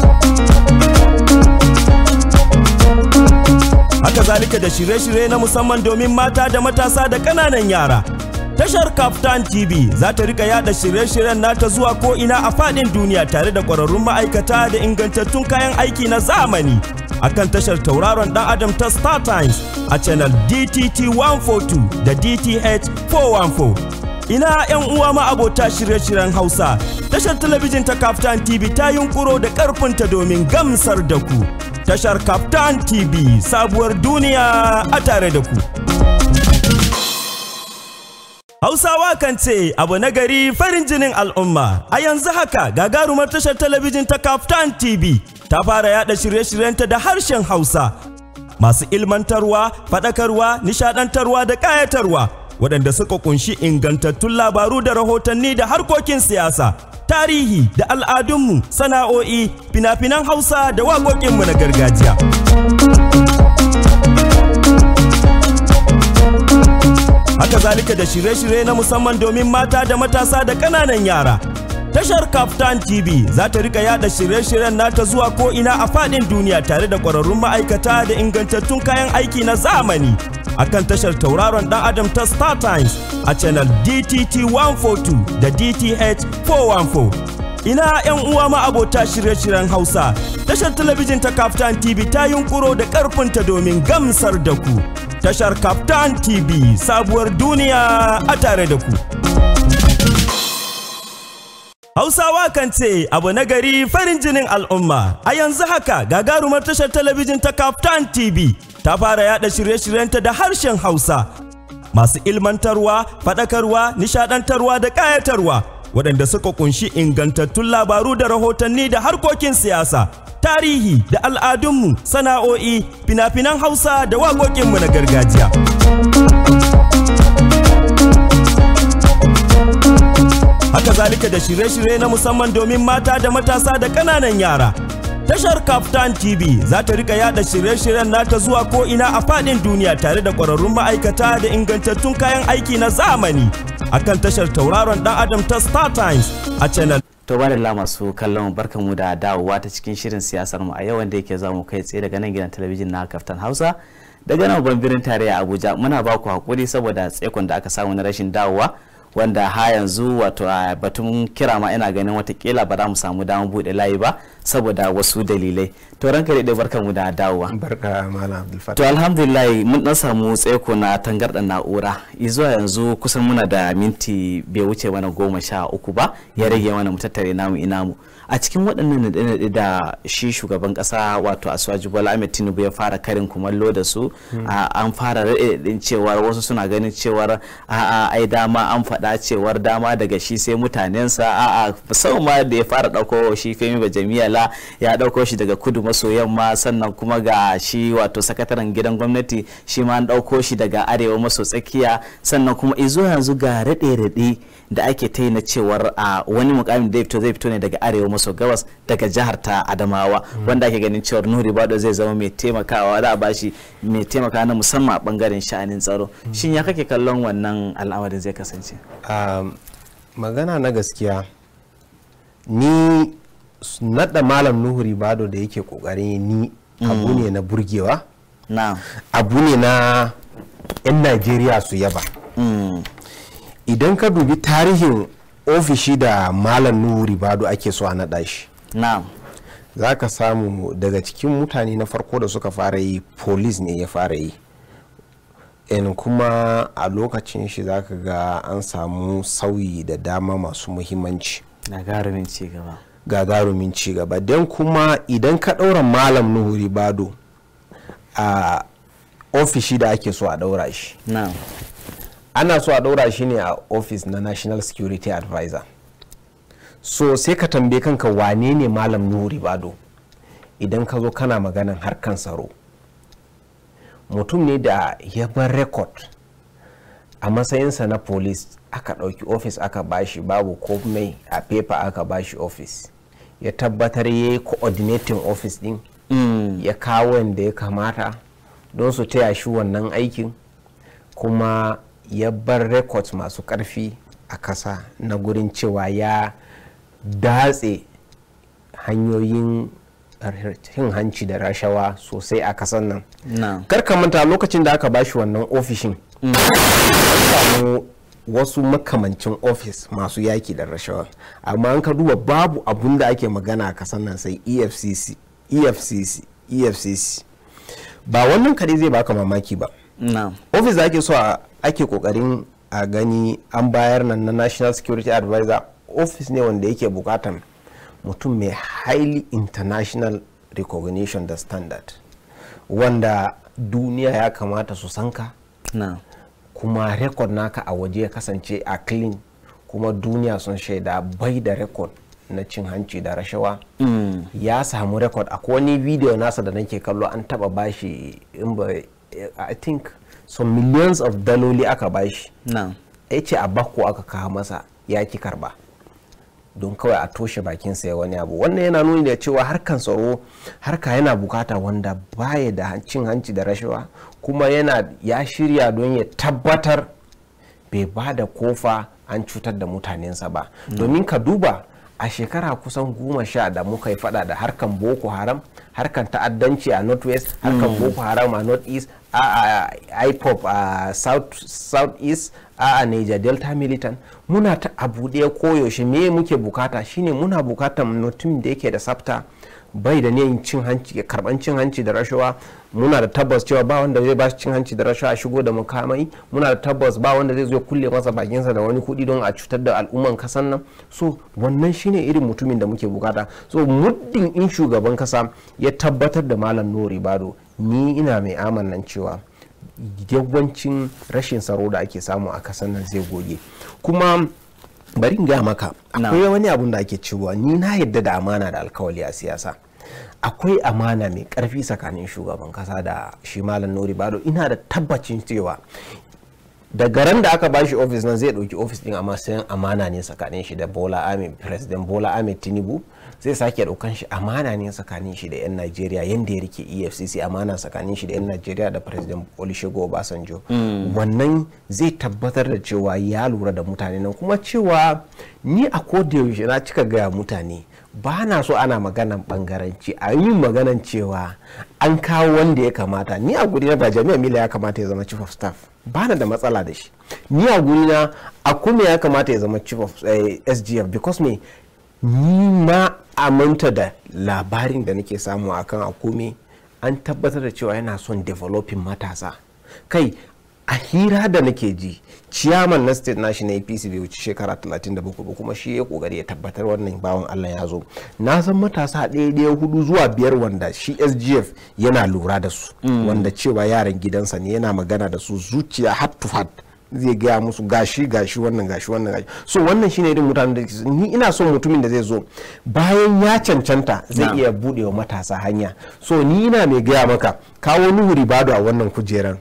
haka zalika da shirye-shirye na musamman domin mata da matasa da ƙananan yara. Tashar Kaftan TV za ta rika yada shirye-shiryen nata zuwa ko'ina a faɗin duniya tare da ƙwararrun ma'aikata da ingantattun kayan aiki na zamani. Akan tashar tauraron ɗan Adam ta Star Times a channel DTT 142 da DTH 414. Ina 'yan uwa ma abota shirye-shiryen Hausa, tashar talabijin ta Kaftan TV ta yunkuro da ƙarfinta domin gamsar da ku. Tashar Kaftan TV sabuwar duniya a tare da ku. Hausawa kan ce abu na gari farin jinin al'umma, a yanzu haka gagarumar tashar talabijin ta Kaftan TV ta fara yada shirye-shiryenta da harshen Hausa. Masu ilmantarwa, faɗakarwa, nishaɗantarwa da ƙayatarwa. waɗanda suka kunshi ingantattun labaru da rahotanni da harkokin siyasa, tarihi da al'adunmu, sana'o'i, fina-finan Hausa da waƙoƙinmu na gargajiya. Haka zalika da shirye-shirye na musamman domin mata da matasa da ƙananan yara. Tashar Kaftan TV za ta rika yada shirye-shiryen nata zuwa ko'ina a faɗin duniya tare da ƙwararrun ma'aikata da ingantattun kayan aiki na zamani. a kan tashar tauraron ɗan adam ta Star Times a channel DTT 142 da DTH 414. Ina 'yan uwa ma abota shirye-shiryen Hausa, tashar talabijin ta Kaftan TV ta yunkuro da ƙarfinta domin gamsar da ku. Tashar Kaftan TV sabuwar duniya a tare da ku. Hausawa kan ce abu na gari farin jinin al'umma, a yanzu haka gagarumar tashar talabijin ta Kaftan TV ta fara yaɗa shirye-shiryenta da harshen Hausa masu ilmantarwa, faɗakarwa, nishadantarwa da ƙayatarwa waɗanda suka ƙunshi ingantattun labaru da rahotanni da harkokin siyasa, tarihi da al'adunmu, sana'o'i, fina-finan Hausa da waƙoƙinmu na gargajiya. Haka zalika da shirye-shirye na musamman domin mata da matasa da ƙananan yara. Tashar Kaftan TV za ta rika yada shirye-shiryen nata zuwa ko ina a fadin duniya tare da ƙwararrun ma'aikata da ingantattun kayan aiki na zamani akan tashar tauraron dan adam ta Star Times a channel to ba da masu kallon barkanmu da dawowa ta cikin shirin siyasar mu a yau wanda yake zamu kai tsaye daga nan gidan talabijin na Kaftan Hausa daga nan babban birnin tarayya Abuja muna baku ku hakuri saboda tsaikon da aka samu na rashin dawowa wanda ha yanzu wato a batun kira ma ina ganin watakila ba za mu samu damar buɗe layi ba saboda wasu dalilai to ranka da barka mu da dawowa barka malam abdulfatah to alhamdulillah mun dan samu tseko na tangarɗar na'ura izuwa yanzu kusan muna da minti bai wuce mana goma sha uku ba ya rage mana mu tattare namu ina mu a cikin waɗannan naɗe-naɗe da shi shugaban ƙasa wato asuwaji bola ahmed tinubu ya fara karin kumallo da su hmm. an fara raɗaɗin cewar wasu suna ganin cewar a'a ai dama an faɗa cewar dama daga shi sai mutanensa a'a sau ma da ya fara ɗauko shi femi bajamiyala ya ɗauko shi daga kudu maso yamma sannan kuma ga shi wato sakataren gidan gwamnati shi ma an ɗauko shi daga arewa maso tsakiya sannan kuma izo yanzu ga raɗe-raɗe da ake ta yi na cewar a wani mukamin da ya fito zai fito ne daga arewa maso maso gabas daga jihar ta Adamawa wanda ake ganin cewa nuri Bado zai zama mai taimakawa za a bashi mai taimakawa na musamman a bangaren sha'anin tsaro shin ya kake kallon wannan al'amarin zai kasance magana na gaskiya ni naɗa malam nuhuri bado da yake ƙoƙarin ni abu ne mm. na burgewa abu ne na 'yan Najeriya su yaba mm. idan ka dubi tarihin ofishi da malam nuhu ribado ake so a naɗa shi za ka samu daga cikin mutane na farko da suka fara yi polis ne ya fara yi in kuma a lokacin shi za ka ga an samu sauyi da dama masu muhimmanci garumin cigaba garumin cigaba don kuma idan ka ɗaura malam nuhu bado a ofishi da ake so a ɗaura shi ana so a ɗaura shi ne a ofis na national security advisor so sai ka tambaye kanka wane ne malam nuri bado idan ka zo kana maganan harkan tsaro mutum ne da ya bar record a matsayinsa na police aka ɗauki ofis aka bashi babu ko mai a paper aka bashi ofis ya tabbatar ya yi coordinating office din mm. ya kawo wanda ya kamata don su taya shi wannan aikin kuma ya bar records masu karfi a kasa na gurin cewa ya datse hanyoyin cin hanci da rashawa sosai a kasan nan karka manta lokacin da aka bashi wannan ofishin mm. wasu makamancin ofis masu yaki da rashawa amma an ka duba babu abun da ake magana a kasan nan sai efcc efcc efcc ba wannan kare zai baka mamaki ba ofis da ake so a ake kokarin a gani an bayar nan na national security advisor office ne wanda yake bukatan mutum mai highly international recognition da standard wanda duniya ya kamata su sanka ka kuma record naka a waje ya kasance a clean kuma duniya sun shaida bai da record na cin hanci da rashawa mm. ya samu record a wani video nasa da nake kallo an taba bashi in ba i think so millions of daloli aka bashi shi. ya ce a bakko aka kawo masa ya ki karba don kawai a toshe bakin ya wani abu wannan yana nuni da cewa harkan tsaro harka yana bukata wanda baya da cin hanci da rashawa kuma yana ya shirya don ya tabbatar bai ba da kofa an cutar da mutanensa ba domin ka duba a shekara kusan goma sha da muka yi fada da harkan boko haram harkan ta'addanci a northwest harkan hmm. boko haram a northeast a ipop a south southeast a niger delta militant muna ta abu ɗaya koyaushe me muke bukata shine muna bukatan mutum da yake da sabta bai da niyan cin hanci karban cin hanci da rashawa muna da tabbas cewa ba wanda zai ba cin hanci da rashawa shigo da mukamai muna da tabbas ba wanda zai zo kulle masa bakin sa da wani kudi don a cutar da al'umman kasan nan so wannan shine irin mutumin da muke bukata so muddin in shugaban kasa ya tabbatar da malam nori bado ni ina mai amannan cewa yawancin rashin tsaro da ake samu a kasan nan zai goge kuma bari in gaya maka akwai wani abun da ake cewa ni na yadda da amana da alkawali a siyasa akwai amana mai karfi tsakanin shugaban kasa da shi malam nori bado ina da tabbacin cewa daga ran da aka bashi ofis nan zai dauki ofis din amma sayan amana ne tsakanin shi da bola ahmed president bola ahmed tinubu zai sake daukan shi amana ne tsakanin shi da yan najeriya yadda ya rike efcc amana tsakanin shi da yan najeriya da president olusegun obasanjo hmm. wannan zai tabbatar da cewa ya lura da mutane nan kuma cewa ni a yaushe na cika gaya mutane ba na so ana maganan bangaranci a yi maganan cewa an kawo wanda ya kamata ni a guri na ba jami'a mila ya kamata ya zama chief of staff ba na da matsala da shi ni a guri na a kuma ya kamata ya zama chief of eh, sgf because me ni a manta da labarin da nake samu akan akome an tabbatar da cewa yana son developing matasa kai a hira da nake ji ciyaman na state national apc bai wuce shekara 37 ba kuma shi ya kokari ya tabbatar wannan bawan allah ya zo na san matasa ɗaya ɗaya hudu zuwa biyar wanda shi sgf yana lura da su mm. wanda cewa yaran gidansa ne yana magana da su zuciya hat to zai gaya musu gashi gashi wannan gashi wannan gashi so wannan shine irin mutanen da ni ina so mutumin da zai zo bayan ya cancanta zai iya bude wa matasa hanya so ni ina mai gaya maka kawo nuhu ribado a wannan kujeran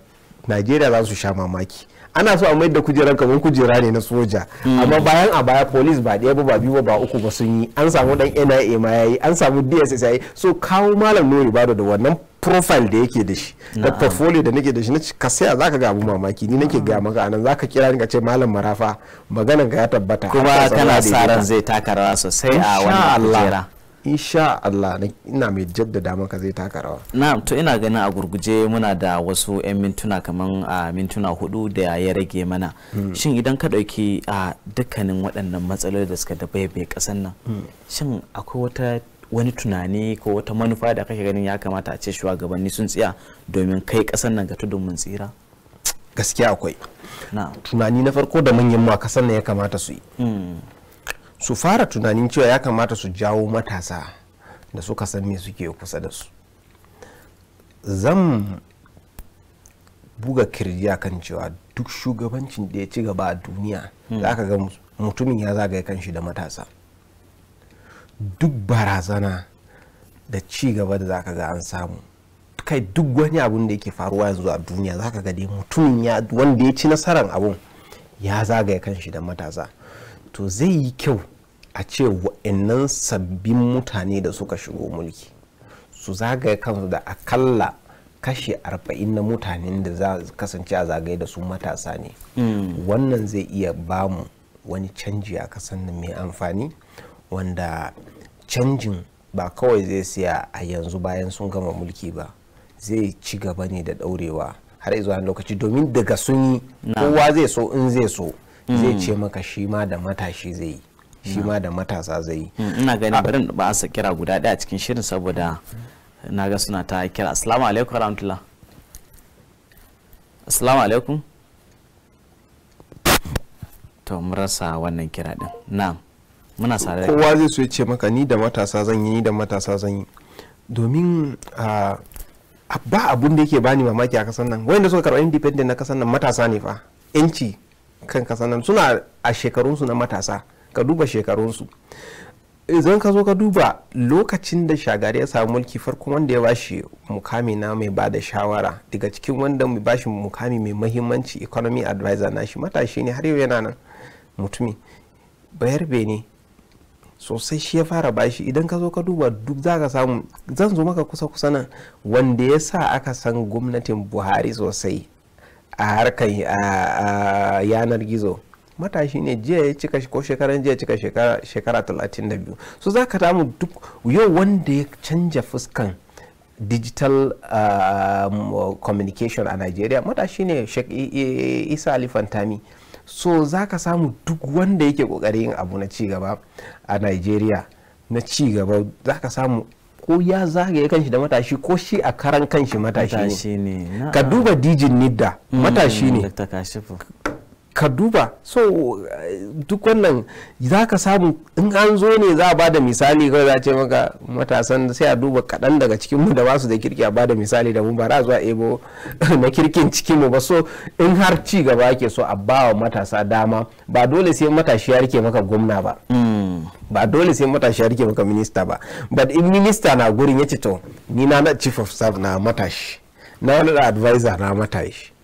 najeriya za su sha mamaki ana so a mai da kujerar kamar kujera ne na soja hmm. amma bayan a baya polis ba ɗaya ba ba biyu ba ba uku ba sun yi an samu ɗan NIA ma yayi an samu DSS yi so kawo malam nori Bado da wannan profile da yake da shi da portfolio da nake da shi na ka saya zaka ga abu mamaki ni nake hmm. ga maka anan zaka kira ni ka ce malam marafa maganar ga ya tabbata kuma kana sa ran zai taka rawa sosai a wannan kujera insha Allah ina mai jaddada maka zai taka rawa na'am to ina ganin a gurguje muna da wasu 'yan mintuna kaman a mintuna hudu da ya rage mana hmm. shin idan ka dauki a dukkanin waɗannan matsaloli da suka bai ƙasar nan hmm. shin akwai wata wani tunani ko wata manufa da kake ganin ya kamata a ce shugabanni sun tsaya domin kai ƙasar nan ga tudun mun tsira gaskiya akwai tunani na farko da manyan ma ƙasar nan ya kamata su yi hmm. su fara tunanin cewa ya kamata su jawo matasa da suka san me suke kusa da su zan buga kirji a kan cewa duk shugabancin da ya ci gaba a duniya hmm. za ka ga mutumin ya zagaye kanshi da matasa duk barazana da ci gaba da za ka ga an samu kai duk wani abun da yake faruwa yanzu a duniya za ka ga dai mutumin wanda ya ci nasarar abun ya zagaye kanshi da matasa to zai yi kyau a ce wa'annan sabbin mutane da suka shigo mulki su zagaye kansu da akalla kashe arba'in na mutanen da za su kasance a zagaye da su matasa ne mm. wannan zai iya bamu wani canji a kasan da mai amfani wanda canjin ba kawai zai siya a yanzu bayan sun gama mulki ba zai ci gaba ne da daurewa har zuwa lokaci domin daga sun yi kowa zai so in zai so zai mm. ce maka shi ma da matashi zai yi shi mm. ma da matasa zai yi mm, ina ganin barin ba a kira guda daya cikin shirin saboda na ga suna ta kira assalamu alaikum rahmatullah assalamu alaikum to mu rasa wannan kira din na'am muna sare kowa zai so ya ce maka ni da matasa zan yi ni da matasa zan yi domin ba abun da yake bani mamaki a kasan nan wanda suka karɓi independent na kasan nan matasa ne fa yanci kan kasa nan suna a shekarunsu na matasa ka duba shekarunsu idan ka zo ka duba lokacin da shagari ya samu mulki farko wanda ya bashi mukami na mai ba da shawara daga cikin wanda mai bashi mukami mai mahimmanci economy advisor na shi matashi ne har yau yana nan mutumi bayar ne sosai shi ya fara bashi idan ka zo ka duba duk za ka samu zan zo maka kusa kusa nan wanda ya sa aka san gwamnatin buhari sosai a harkar yanar gizo matashi ne jiya ya cika ko shekaran jiya cika shekara 32 so za ka damu duk yau wanda ya canja fuskan digital communication a nigeria matashi ne isa alifantami so za ka samu duk wanda yake kokarin abu na cigaba a nigeria na cigaba za ka samu ko ya zagaye kanshi da matashi ko shi a karan kanshi matashi ne ka duba dijin nidda matashi ne ka duba so duk wannan za ka samu in an zo ne za a ba da misali kawai za a ce maka matasan sai a duba kaɗan daga cikinmu da basu da kirki a ba da misali da mu ba za a ebo na kirkin cikinmu ba so in har ci gaba ake so a ba wa matasa dama ba dole sai matashi ya rike maka gwamna ba hmm. ba dole sai matashi ya rike maka minista ba but in minista na gurin ya ce to ni na na chief of staff na matashi na wani advisor na matashi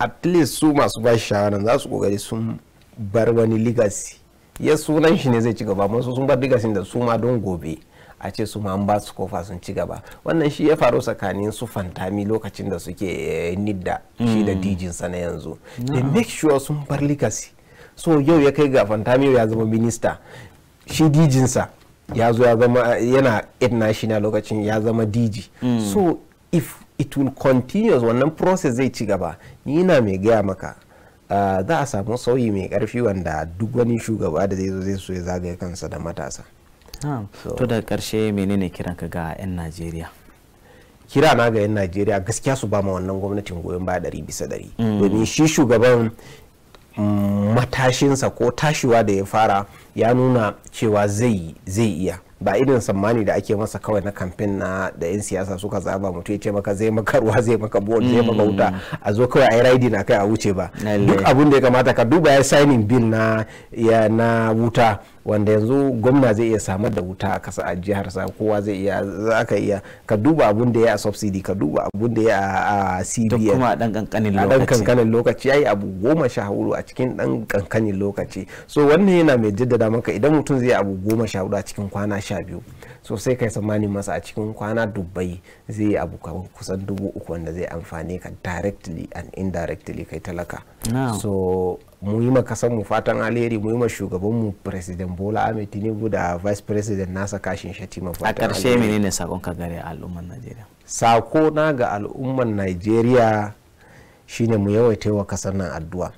at least su masu ba shawaran za su kokari sun bar wani legacy ya sunan shi ne zai ci gaba masu sun bar legacy da su ma don gobe a ce su ma ba su kofa sun ci gaba wannan shi ya faru tsakanin su fantami lokacin da suke eh, nidda shi da mm. dijin sa na yanzu they make sure sun bar legacy so yau ya kai ga fantami ya zama minista shi dijinsa ya zo ya zama yana international lokacin ya zama diji mm. so if it will continuous wannan process zai ci gaba ni na mai gaya maka ah, za a samu sauyi mai karfi wanda duk wani shugaba da zai zo zai so ya zagaye kansa da matasa to da karshe menene kiran ka ga 'yan najeriya kira na ga 'yan najeriya gaskiya su ba ma wannan gwamnatin goyon baya ɗari bisa ɗari mm. domin shi shugaban matashinsa ko tashiwa da ya fara ya nuna cewa zai iya ba irin sammani da ake masa kawai na kamfen na da 'yan siyasa suka zaba mutu ya ce maka zai maka ruwa zai maka bol zai maka wuta mm. a zo kawai a yi raidi na kai a wuce ba duk abin da ya kamata ka duba ya signing bill na na wuta wanda yanzu gwamna zai iya samar da wuta a kasa a jihar sa kowa zai iya za ka iya ka duba abun da ya a subsidy ka duba abun da ya a CBN kuma a dan kankanin lokaci a dan kankanin lokaci yayi abu goma sha hudu a cikin dan kankanin lokaci so wannan yana mai jaddada maka idan mutum zai abu goma sha hudu a cikin kwana sha biyu so sai kai tsammani masa a cikin kwana dubbai zai yi abu kusan dubu uku wanda zai amfane ka directly and indirectly kai talaka so mu yi ma kasan mu fatan alheri mu yi ma shugaban mu president bola ahmed tinubu da vice president nasa kashin ma fatan a ƙarshe menene sakon ka gare al'umman najeriya sako na ga al'umman najeriya shine mu yawaita wa kasan nan addu'a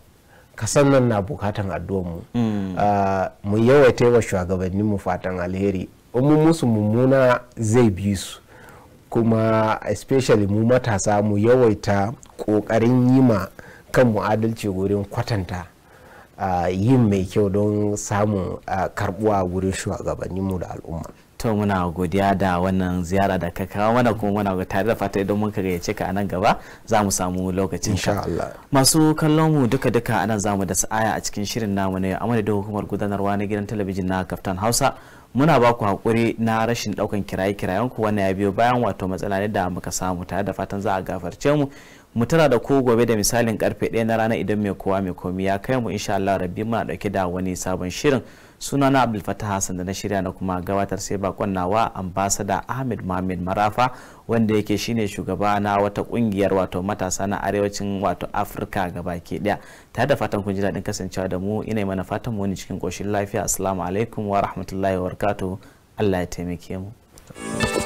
kasan nan na bukatan addu'a mu mm. ah, mu yawaita wa shugabannin mu fatan alheri mun musu mummuna zai bi su kuma especially mu matasa mu yawaita kokarin yi ma kanmu adalci wurin kwatanta yin mai kyau don samun karbuwa wurin shugabanninmu da al'umma to muna godiya da wannan ziyara da ka kawo mana kuma muna tare da fata idan muka gayyace ka a nan gaba za mu samu lokacin insha allah masu kallon mu duka duka anan zamu da sa'aya a cikin shirin namu ne amma da hukumar gudanarwa na gidan talabijin na kaftan hausa muna ba ku haƙuri na rashin ɗaukan kiraye-kirayen ku wannan ya biyo bayan wato matsala ne da muka samu tare da fatan za a gafarce mu mu tana da ku gobe da misalin karfe 1 na rana idan mai kowa mai komi ya kai mu insha Allah rabbi muna ɗauke da wani sabon shirin sunana abdul fatah hassan da na shirya na kuma gabatar sai bakon nawa ambasada ahmed mohamed marafa wanda yake shine shugaba na wata kungiyar wato matasa na arewacin wato afirka gabaki daya ta da fatan kun ji daɗin kasancewa da mu ina mana fatan mu ne cikin koshin lafiya assalamu alaikum wa rahmatullahi wa allah ya taimake mu